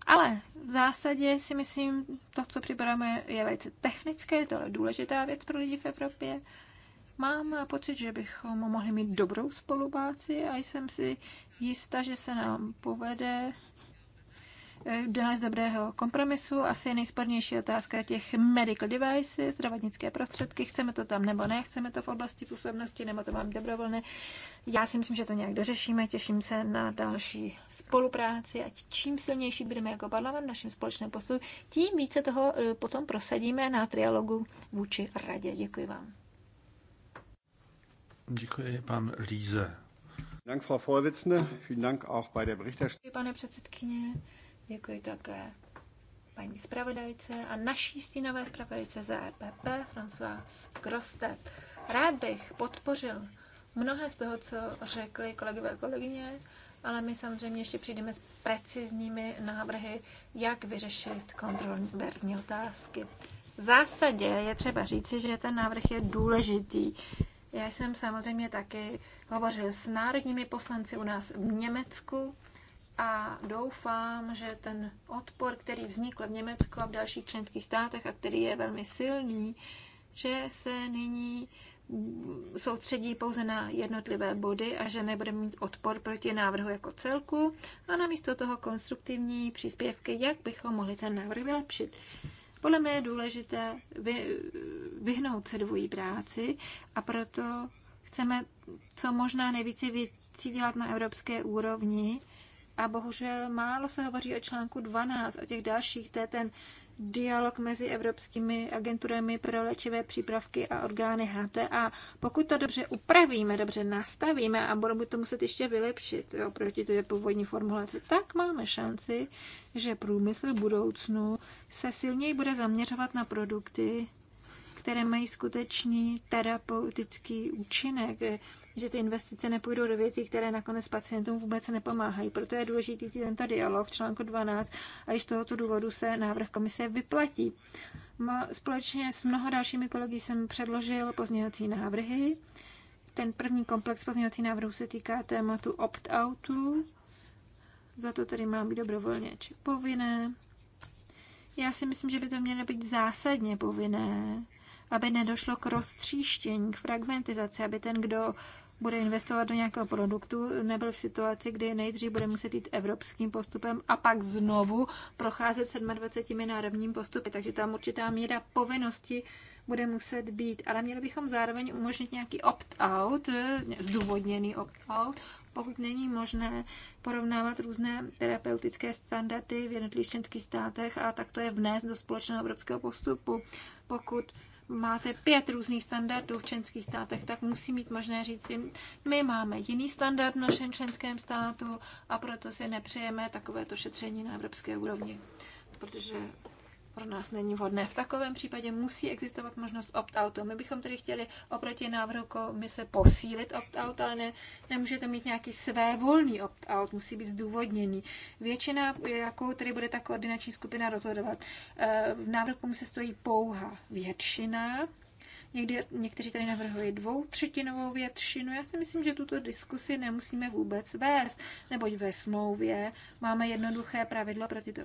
Ale v zásadě si myslím, to, co připravujeme, je velice technické, je to ale důležitá věc pro lidi v Evropě. Mám pocit, že bychom mohli mít dobrou spolupráci a jsem si jistá, že se nám povede Eh, dnes dobrého kompromisu. Asi nejspornější otázka těch medical devices, zdravotnické prostředky, chceme to tam nebo ne, chceme to v oblasti působnosti, nebo to mám dobrovolné. Já si myslím, že to nějak dořešíme, těším se na další spolupráci, ať čím silnější budeme jako parlament v našem společném postu, tím více toho eh, potom prosadíme na trialogu vůči radě. Děkuji vám. Děkuji, pan Líze. Dank, Frau Vorsitzende. Vielen Dank auch bei der Berichterstattung. Pane předsedkyně, Děkuji také paní zpravodajce a naší stínové zpravodajce za EPP François Grostet. Rád bych podpořil mnohé z toho, co řekli kolegové a kolegyně, ale my samozřejmě ještě přijdeme s precizními návrhy, jak vyřešit kontrolní verzní otázky. V zásadě je třeba říci, že ten návrh je důležitý. Já jsem samozřejmě taky hovořil s národními poslanci u nás v Německu a doufám, že ten odpor, který vznikl v Německu a v dalších členských státech a který je velmi silný, že se nyní soustředí pouze na jednotlivé body a že nebude mít odpor proti návrhu jako celku a namísto toho konstruktivní příspěvky, jak bychom mohli ten návrh vylepšit. Podle mě je důležité vy, vyhnout se dvojí práci a proto chceme co možná nejvíce věcí dělat na evropské úrovni, a bohužel málo se hovoří o článku 12, o těch dalších, to je ten dialog mezi evropskými agenturami pro léčivé přípravky a orgány HTA. Pokud to dobře upravíme, dobře nastavíme a budeme to muset ještě vylepšit jo, proti té původní formulaci, tak máme šanci, že průmysl v budoucnu se silněji bude zaměřovat na produkty, které mají skutečný terapeutický účinek, že ty investice nepůjdou do věcí, které nakonec pacientům vůbec nepomáhají. Proto je důležitý tento dialog v článku 12 a i z tohoto důvodu se návrh komise vyplatí. Společně s mnoha dalšími kolegy jsem předložil pozměňovací návrhy. Ten první komplex pozměňovací návrhů se týká tématu opt-outu. Za to tedy mám být dobrovolně či povinné. Já si myslím, že by to mělo být zásadně povinné, aby nedošlo k roztříštění, k fragmentizaci, aby ten, kdo bude investovat do nějakého produktu, nebyl v situaci, kdy nejdřív bude muset jít evropským postupem a pak znovu procházet 27 národním postupem, Takže tam určitá míra povinnosti bude muset být. Ale měli bychom zároveň umožnit nějaký opt-out, zdůvodněný opt-out, pokud není možné porovnávat různé terapeutické standardy v jednotlivých členských státech a tak to je vnést do společného evropského postupu. Pokud máte pět různých standardů v členských státech, tak musí mít možné říci, my máme jiný standard v našem členském státu a proto si nepřejeme takovéto šetření na evropské úrovni, protože pro nás není vhodné. V takovém případě musí existovat možnost opt-outu. My bychom tedy chtěli oproti návrhu komise posílit opt-out, ale ne, nemůžete mít nějaký volný opt-out, musí být zdůvodněný. Většina, jakou tedy bude ta koordinační skupina rozhodovat, eh, v návrhu komise stojí pouha většina, Někdy, někteří tady navrhují dvou třetinovou většinu. Já si myslím, že tuto diskusi nemusíme vůbec vést, neboť ve smlouvě máme jednoduché pravidlo pro tyto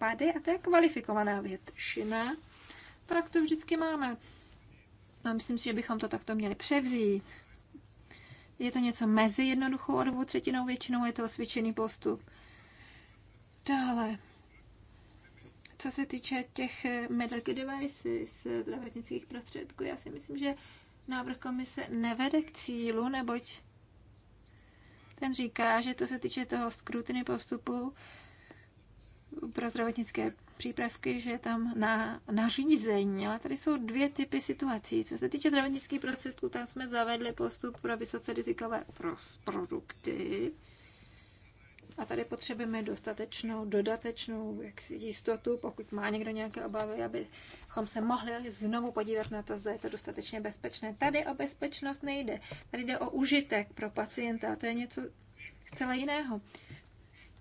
pady a to je kvalifikovaná většina, tak to vždycky máme. No, myslím si, že bychom to takto měli převzít. Je to něco mezi jednoduchou a dvou třetinou většinou, je to osvědčený postup. Dále, co se týče těch medical devices, zdravotnických prostředků, já si myslím, že návrh komise nevede k cílu, neboť ten říká, že to se týče toho skrutiny postupu, pro zdravotnické přípravky, že je tam na nařízení, ale tady jsou dvě typy situací. Co se týče zdravotnických prostředků, tam jsme zavedli postup pro vysoce rizikové produkty. A tady potřebujeme dostatečnou, dodatečnou jaksi, jistotu, pokud má někdo nějaké obavy, abychom se mohli znovu podívat na to, zda je to dostatečně bezpečné. Tady o bezpečnost nejde. Tady jde o užitek pro pacienta. A to je něco zcela jiného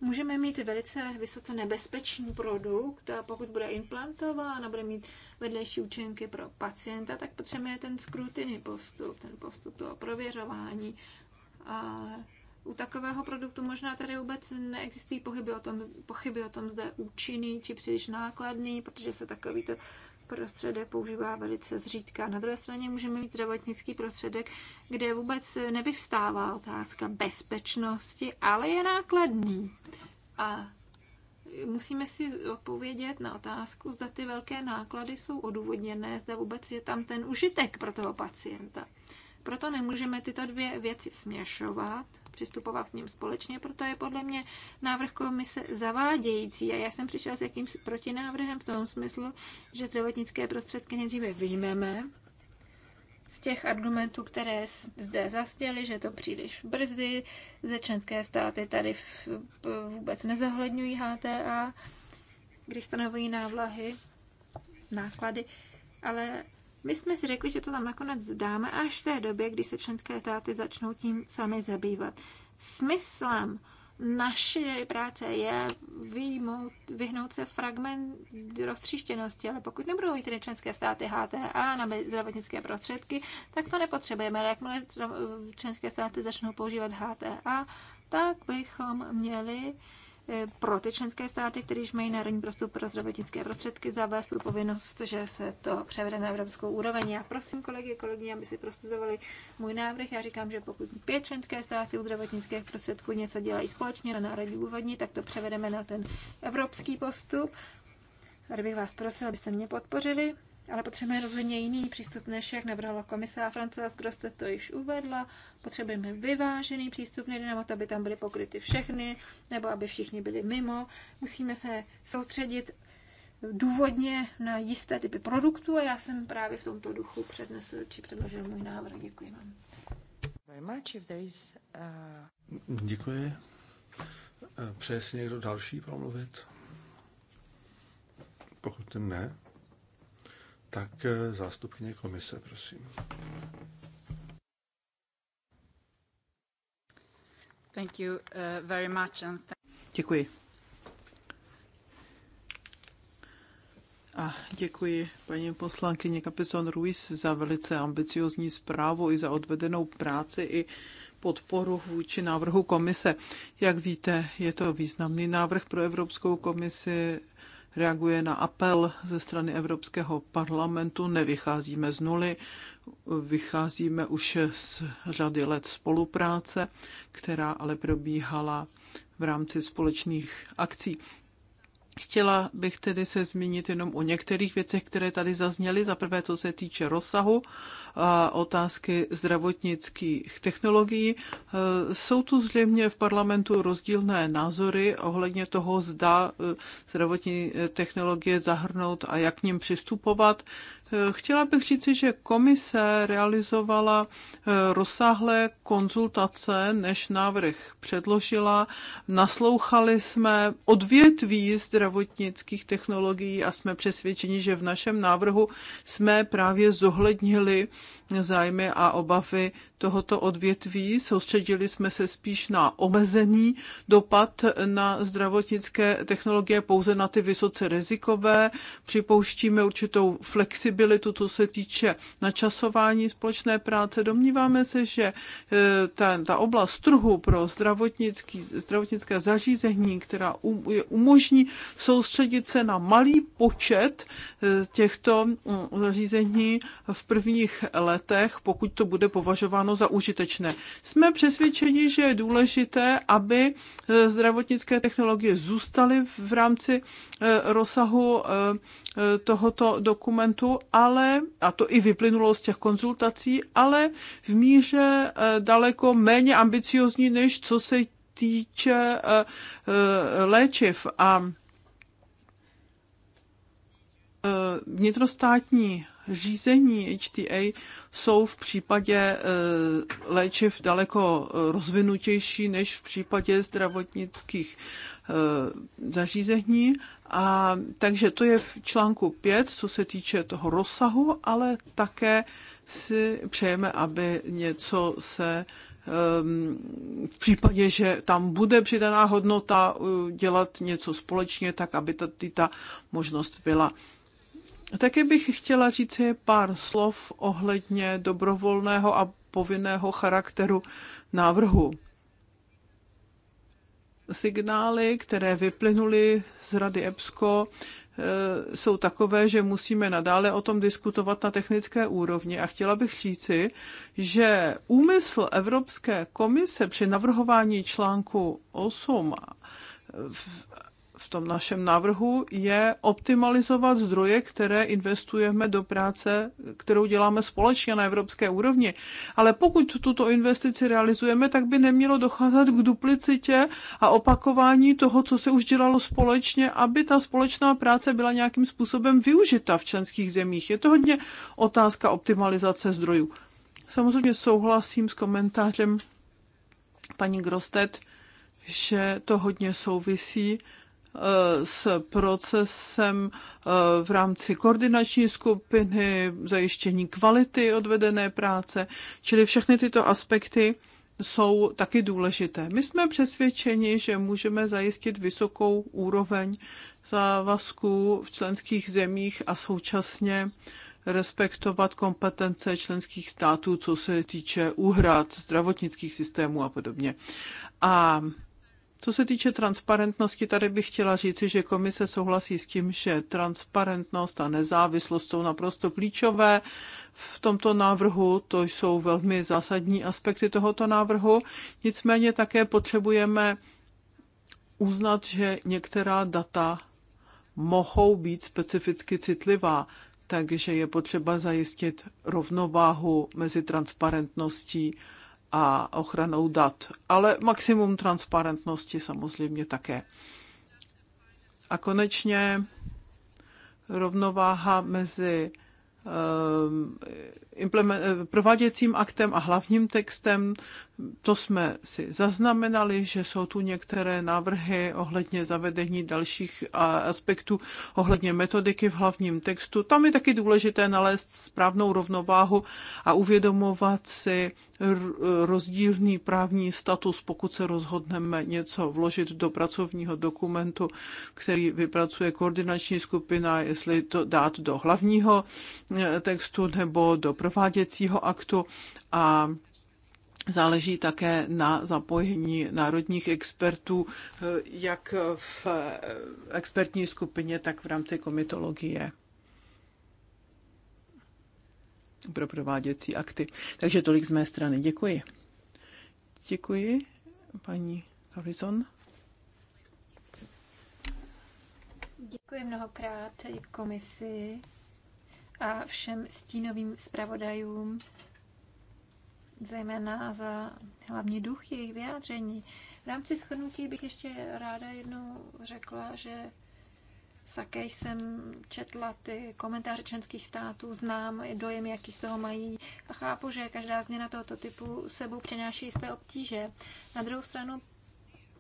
můžeme mít velice vysoce nebezpečný produkt a pokud bude implantován a bude mít vedlejší účinky pro pacienta, tak potřebujeme ten skrutiny postup, ten postup toho prověřování. A u takového produktu možná tady vůbec neexistují pochyby o tom, pochyby o tom zde účinný či příliš nákladný, protože se takovýto prostředek používá velice zřídka. Na druhé straně můžeme mít zdravotnický prostředek, kde vůbec nevyvstává otázka bezpečnosti, ale je nákladný. A musíme si odpovědět na otázku, zda ty velké náklady jsou odůvodněné, zda vůbec je tam ten užitek pro toho pacienta. Proto nemůžeme tyto dvě věci směšovat přistupovat k ním společně, proto je podle mě návrh komise zavádějící. A já jsem přišla s jakýmsi protinávrhem v tom smyslu, že zdravotnické prostředky nejdříve vyjmeme z těch argumentů, které zde zasněly, že to příliš brzy, ze členské státy tady vůbec nezohledňují HTA, když stanovují návlahy, náklady, ale my jsme si řekli, že to tam nakonec dáme až v té době, kdy se členské státy začnou tím sami zabývat. Smyslem naše práce je vyjmout, vyhnout se fragment roztříštěnosti, ale pokud nebudou mít tedy členské státy HTA na zdravotnické prostředky, tak to nepotřebujeme. Ale jakmile členské státy začnou používat HTA, tak bychom měli uh, E, pro ty členské státy, které již mají národní prostor pro zdravotnické prostředky, zavést tu povinnost, že se to převede na evropskou úroveň. Já prosím kolegy, kolegyně, aby si prostudovali můj návrh. Já říkám, že pokud pět členské státy u zdravotnických prostředků něco dělají společně na národní úrovni, tak to převedeme na ten evropský postup. Tady bych vás prosil, abyste mě podpořili ale potřebujeme rozhodně jiný přístup, než jak navrhla komise a Francois Groste to již uvedla. Potřebujeme vyvážený přístup, nejde aby tam byly pokryty všechny, nebo aby všichni byli mimo. Musíme se soustředit důvodně na jisté typy produktů a já jsem právě v tomto duchu přednesl či předložil můj návrh. Děkuji vám. Uh, Děkuji. Eh, přeje si někdo další promluvit? Pokud ne, tak eh, zástupkyně komise, prosím. Thank you eh, very much and Děkuji. A děkuji paní poslankyně Kapison Ruiz za velice ambiciozní zprávu i za odvedenou práci i podporu vůči návrhu komise. Jak víte, je to významný návrh pro Evropskou komisi reaguje na apel ze strany Evropského parlamentu. Nevycházíme z nuly, vycházíme už z řady let spolupráce, která ale probíhala v rámci společných akcí. Chtěla bych tedy se zmínit jenom o některých věcech, které tady zazněly. Za prvé, co se týče rozsahu a otázky zdravotnických technologií. E, jsou tu zřejmě v parlamentu rozdílné názory ohledně toho, zda e, zdravotní e, technologie zahrnout a jak k ním přistupovat. Chtěla bych říci, že komise realizovala rozsáhlé konzultace, než návrh předložila. Naslouchali jsme odvětví zdravotnických technologií a jsme přesvědčeni, že v našem návrhu jsme právě zohlednili zájmy a obavy tohoto odvětví. Soustředili jsme se spíš na omezený dopad na zdravotnické technologie, pouze na ty vysoce rizikové. Připouštíme určitou flexibilitu, co se týče načasování společné práce. Domníváme se, že e, ta, ta oblast trhu pro zdravotnický, zdravotnické zařízení, která um, umožní soustředit se na malý počet e, těchto mm, zařízení v prvních letech, pokud to bude považováno považováno za užitečné. Jsme přesvědčeni, že je důležité, aby eh, zdravotnické technologie zůstaly v rámci eh, rozsahu eh, tohoto dokumentu, ale, a to i vyplynulo z těch konzultací, ale v míře daleko méně ambiciozní, než co se týče léčiv a vnitrostátní řízení HTA jsou v případě e, léčiv daleko e, rozvinutější než v případě zdravotnických e, zařízení. A, takže to je v článku 5, co se týče toho rozsahu, ale také si přejeme, aby něco se v případě, že tam bude přidaná hodnota dělat něco společně, tak aby ta, ta možnost byla. Také bych chtěla říct pár slov ohledně dobrovolného a povinného charakteru návrhu. Signály, které vyplynuly z Rady EBSCO, eh, jsou takové, že musíme nadále o tom diskutovat na technické úrovni. A chtěla bych říci, že úmysl Evropské komise při navrhování článku 8 v tom našem návrhu je optimalizovat zdroje, které investujeme do práce, kterou děláme společně na evropské úrovni. Ale pokud tuto investici realizujeme, tak by nemělo docházet k duplicitě a opakování toho, co se už dělalo společně, aby ta společná práce byla nějakým způsobem využita v členských zemích. Je to hodně otázka optimalizace zdrojů. Samozřejmě souhlasím s komentářem paní Grostet, že to hodně souvisí Eh, s procesem eh, v rámci koordinační skupiny, zajištění kvality odvedené práce, čili všechny tyto aspekty jsou taky důležité. My jsme přesvědčeni, že můžeme zajistit vysokou úroveň závazků v členských zemích a současně respektovat kompetence členských států, co se týče úhrad, zdravotnických systémů a podobně. A co se týče transparentnosti, tady bych chtěla říci, že komise souhlasí s tím, že transparentnost a nezávislost jsou naprosto klíčové v tomto návrhu, to jsou velmi zásadní aspekty tohoto návrhu. Nicméně také potřebujeme uznat, že některá data mohou být specificky citlivá, takže je potřeba zajistit rovnováhu mezi transparentností a ochranou dat, ale maximum transparentnosti samozřejmě také. A konečně rovnováha mezi ehm, Eh, prováděcím aktem a hlavním textem. To jsme si zaznamenali, že jsou tu některé návrhy ohledně zavedení dalších aspektů, ohledně metodiky v hlavním textu. Tam je taky důležité nalézt správnou rovnováhu a uvědomovat si rozdílný právní status, pokud se rozhodneme něco vložit do pracovního dokumentu, který vypracuje koordinační skupina, jestli to dát do hlavního eh, textu nebo do prováděcího aktu a Záleží také na zapojení národních expertů, eh, jak v expertní skupině, tak v rámci komitologie pro prováděcí akty. Takže tolik z mé strany. Děkuji. Děkuji, paní Horizon. Děkuji mnohokrát komisi a všem stínovým zpravodajům, zejména za hlavně duch jejich vyjádření. V rámci shrnutí bych ještě ráda jednou řekla, že Také jsem četla ty komentáře členských států, znám dojem, jaký z toho mají a chápu, že každá změna tohoto typu sebou přináší jisté obtíže. Na druhou stranu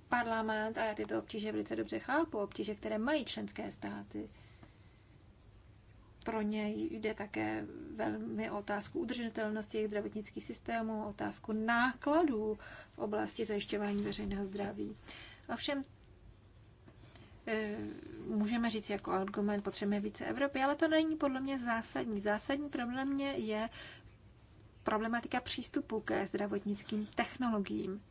parlament, a já tyto obtíže velice dobře chápu, obtíže, které mají členské státy, pro ně jde také velmi o otázku udržitelnosti jejich zdravotnických systémů, otázku nákladů v oblasti zajišťování veřejného zdraví. Ovšem, eh, můžeme říct jako argument, potřebujeme více Evropy, ale to není podle mě zásadní. Zásadní problém mě je problematika přístupu ke zdravotnickým technologiím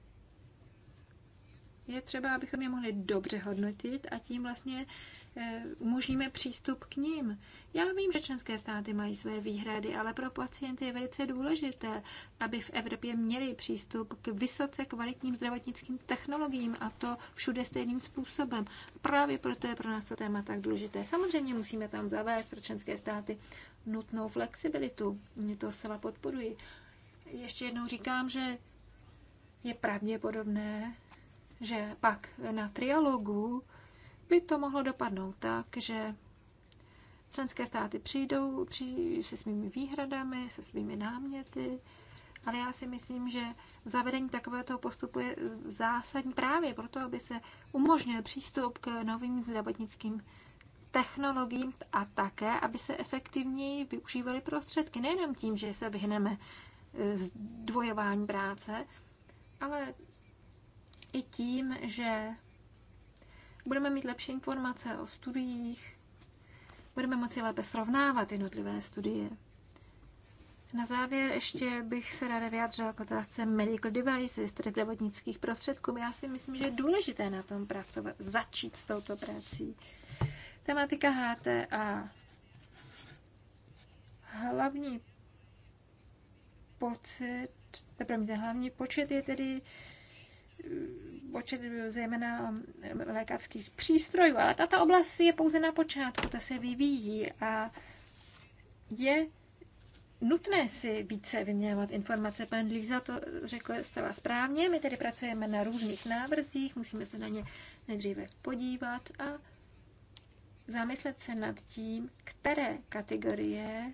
je třeba, abychom je mohli dobře hodnotit a tím vlastně Eh, umožníme přístup k ním. Já vím, že členské státy mají své výhrady, ale pro pacienty je velice důležité, aby v Evropě měli přístup k vysoce kvalitním zdravotnickým technologiím a to všude stejným způsobem. Právě proto je pro nás to téma tak důležité. Samozřejmě musíme tam zavést pro členské státy nutnou flexibilitu. Mě to zcela podporuji. Ještě jednou říkám, že je pravděpodobné, že pak na trialogu by to mohlo dopadnout tak, že členské státy přijdou, při se svými výhradami, se svými náměty, ale já si myslím, že zavedení takového postupu je zásadní právě proto, aby se umožnil přístup k novým zdravotnickým technologiím a také, aby se efektivněji využívaly prostředky. Nejenom tím, že se vyhneme e, zdvojování práce, ale i tím, že budeme mít lepší informace o studiích, budeme moci lépe srovnávat jednotlivé studie. Na závěr ještě bych se ráda vyjádřila k otázce medical devices, tedy zdravotnických prostředků. Já si myslím, že je důležité na tom pracovat, začít s touto prací. Tematika a Hlavní pocit, eh, promiňte, hlavní počet je tedy počet zejména um, lékařských přístrojů, ale tato oblast je pouze na počátku, ta se vyvíjí a je nutné si více vyměňovat informace. Pan Líza to řekl zcela správně. My tedy pracujeme na různých návrzích, musíme se na ně nejdříve podívat a zamyslet se nad tím, které kategorie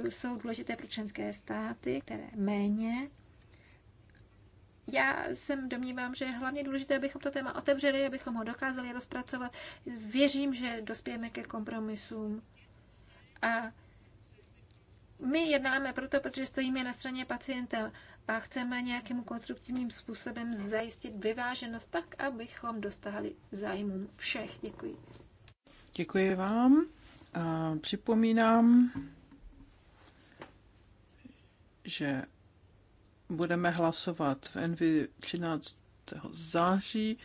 uh, jsou důležité pro členské státy, které méně já jsem domnívám, že je hlavně důležité, abychom to téma otevřeli, abychom ho dokázali rozpracovat. Věřím, že dospějeme ke kompromisům. A my jednáme proto, protože stojíme na straně pacienta a chceme nějakým konstruktivním způsobem zajistit vyváženost tak, abychom dostali zájmům všech. Děkuji. Děkuji vám. A připomínám, že budeme hlasovat v Envy 13. září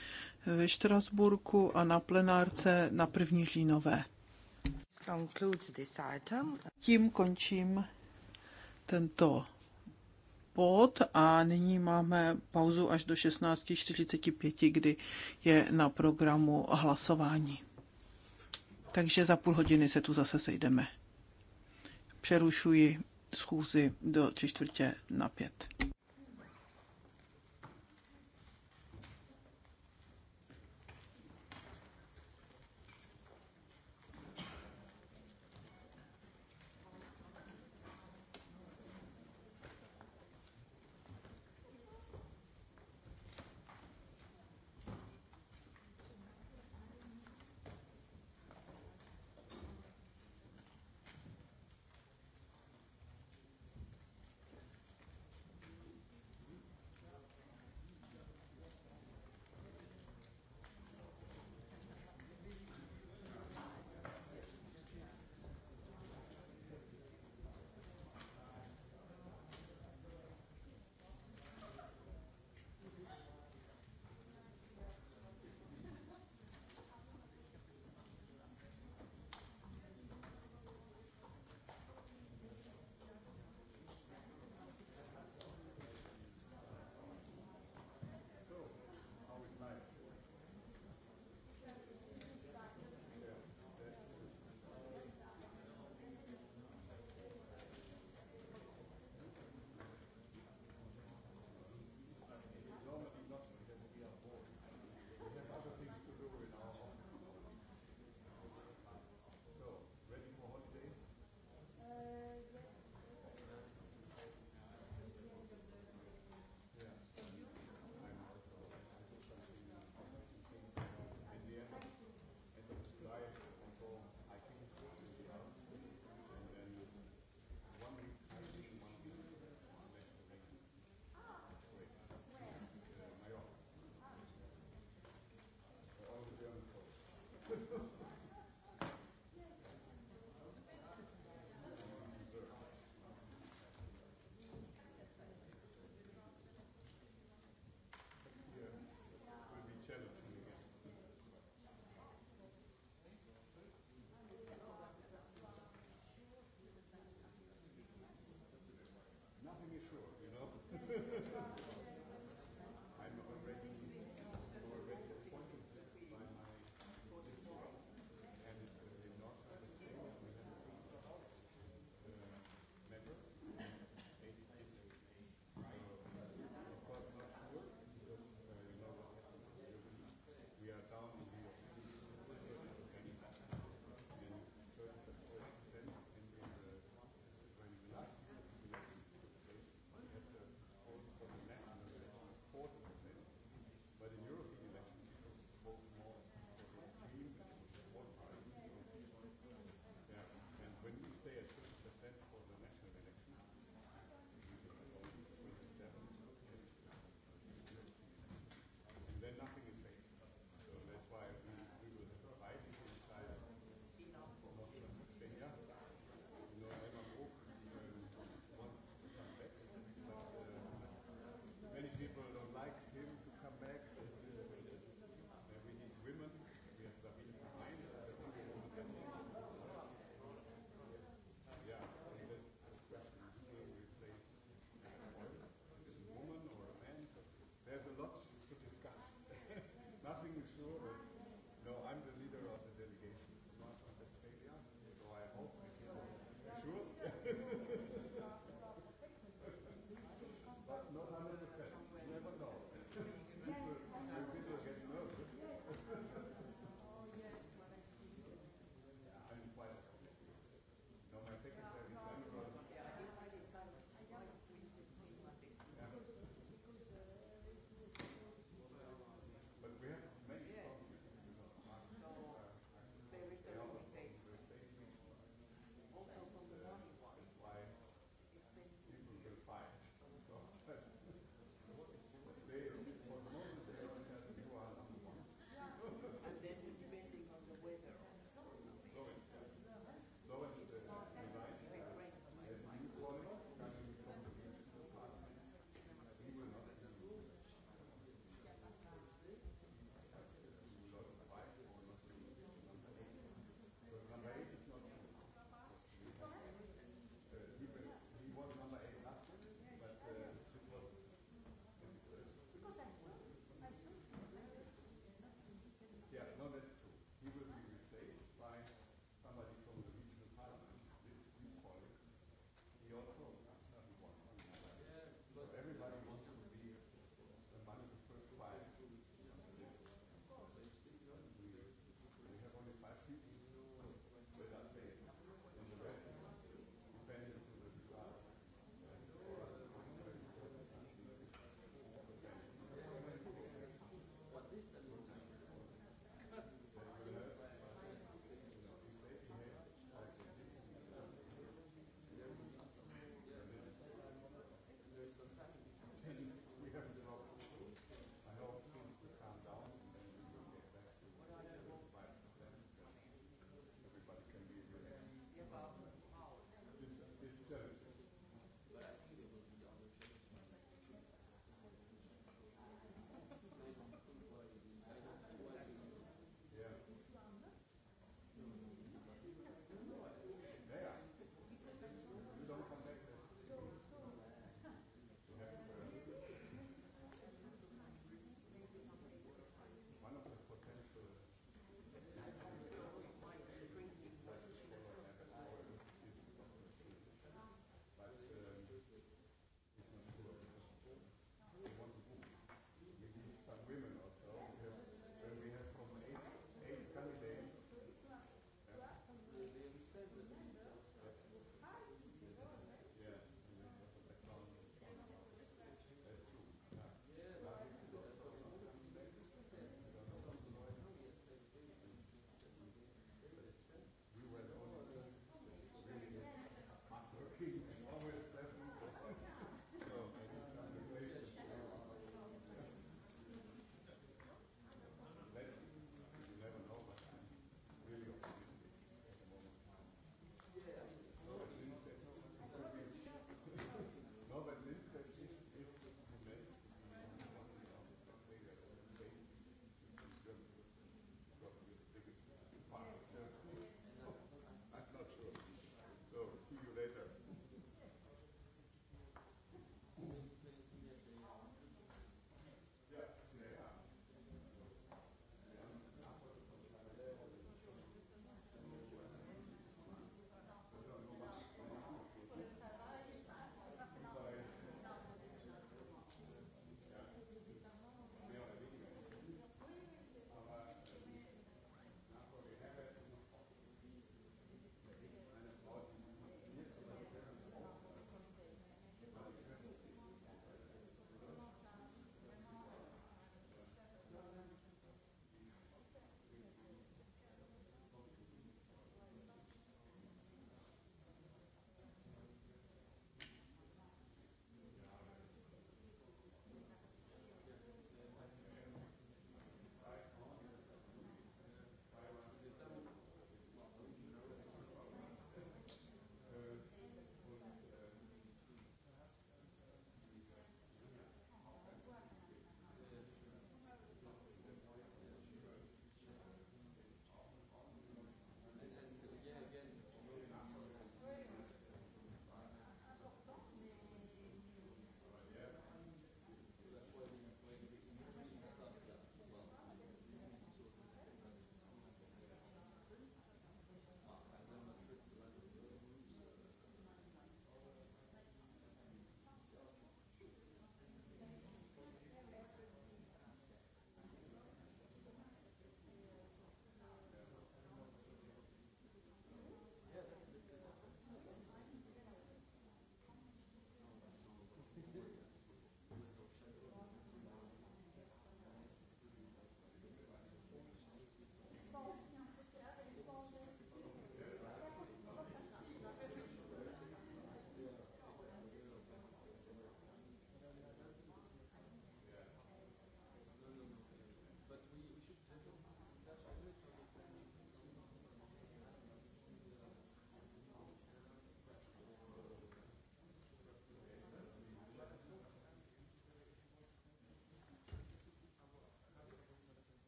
ve Štrasburku a na plenárce na 1. říjnové. Tím končím tento bod a nyní máme pauzu až do 16.45, kdy je na programu hlasování. Takže za půl hodiny se tu zase sejdeme. Přerušuji schůzi do tři čtvrtě na pět.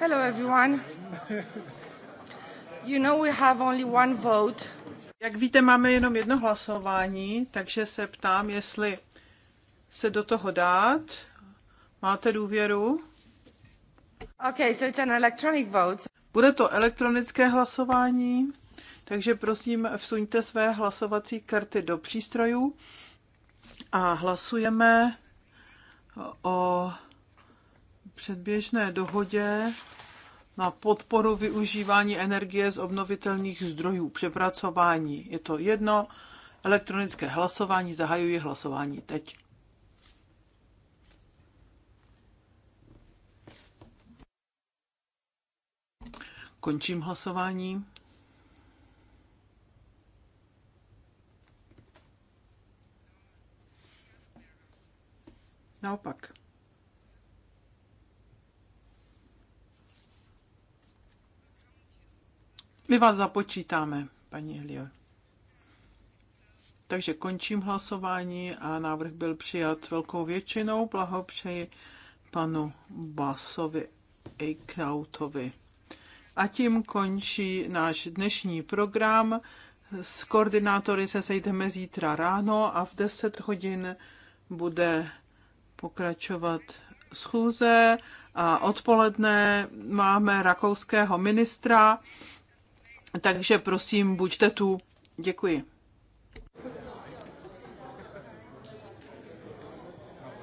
Hello everyone. You know we have only one vote. Jak víte, máme jenom jedno hlasování, takže se ptám, jestli se do toho dát. Máte důvěru? Okay, so it's an electronic vote. Bude to elektronické hlasování, takže prosím vsuňte své hlasovací karty do přístrojů a hlasujeme o předběžné dohodě na podporu využívání energie z obnovitelných zdrojů, přepracování. Je to jedno, elektronické hlasování, zahajuji hlasování teď. Končím hlasování. Naopak. My vás započítáme, paní Helio. Takže končím hlasování a návrh byl přijat velkou většinou. Blahopřeji panu Basovi Eichautovi. A tím končí náš dnešní program. S koordinátory se sejdeme zítra ráno a v 10 hodin bude pokračovat schůze a odpoledne máme rakouského ministra takže prosím, buďte tu. Děkuji.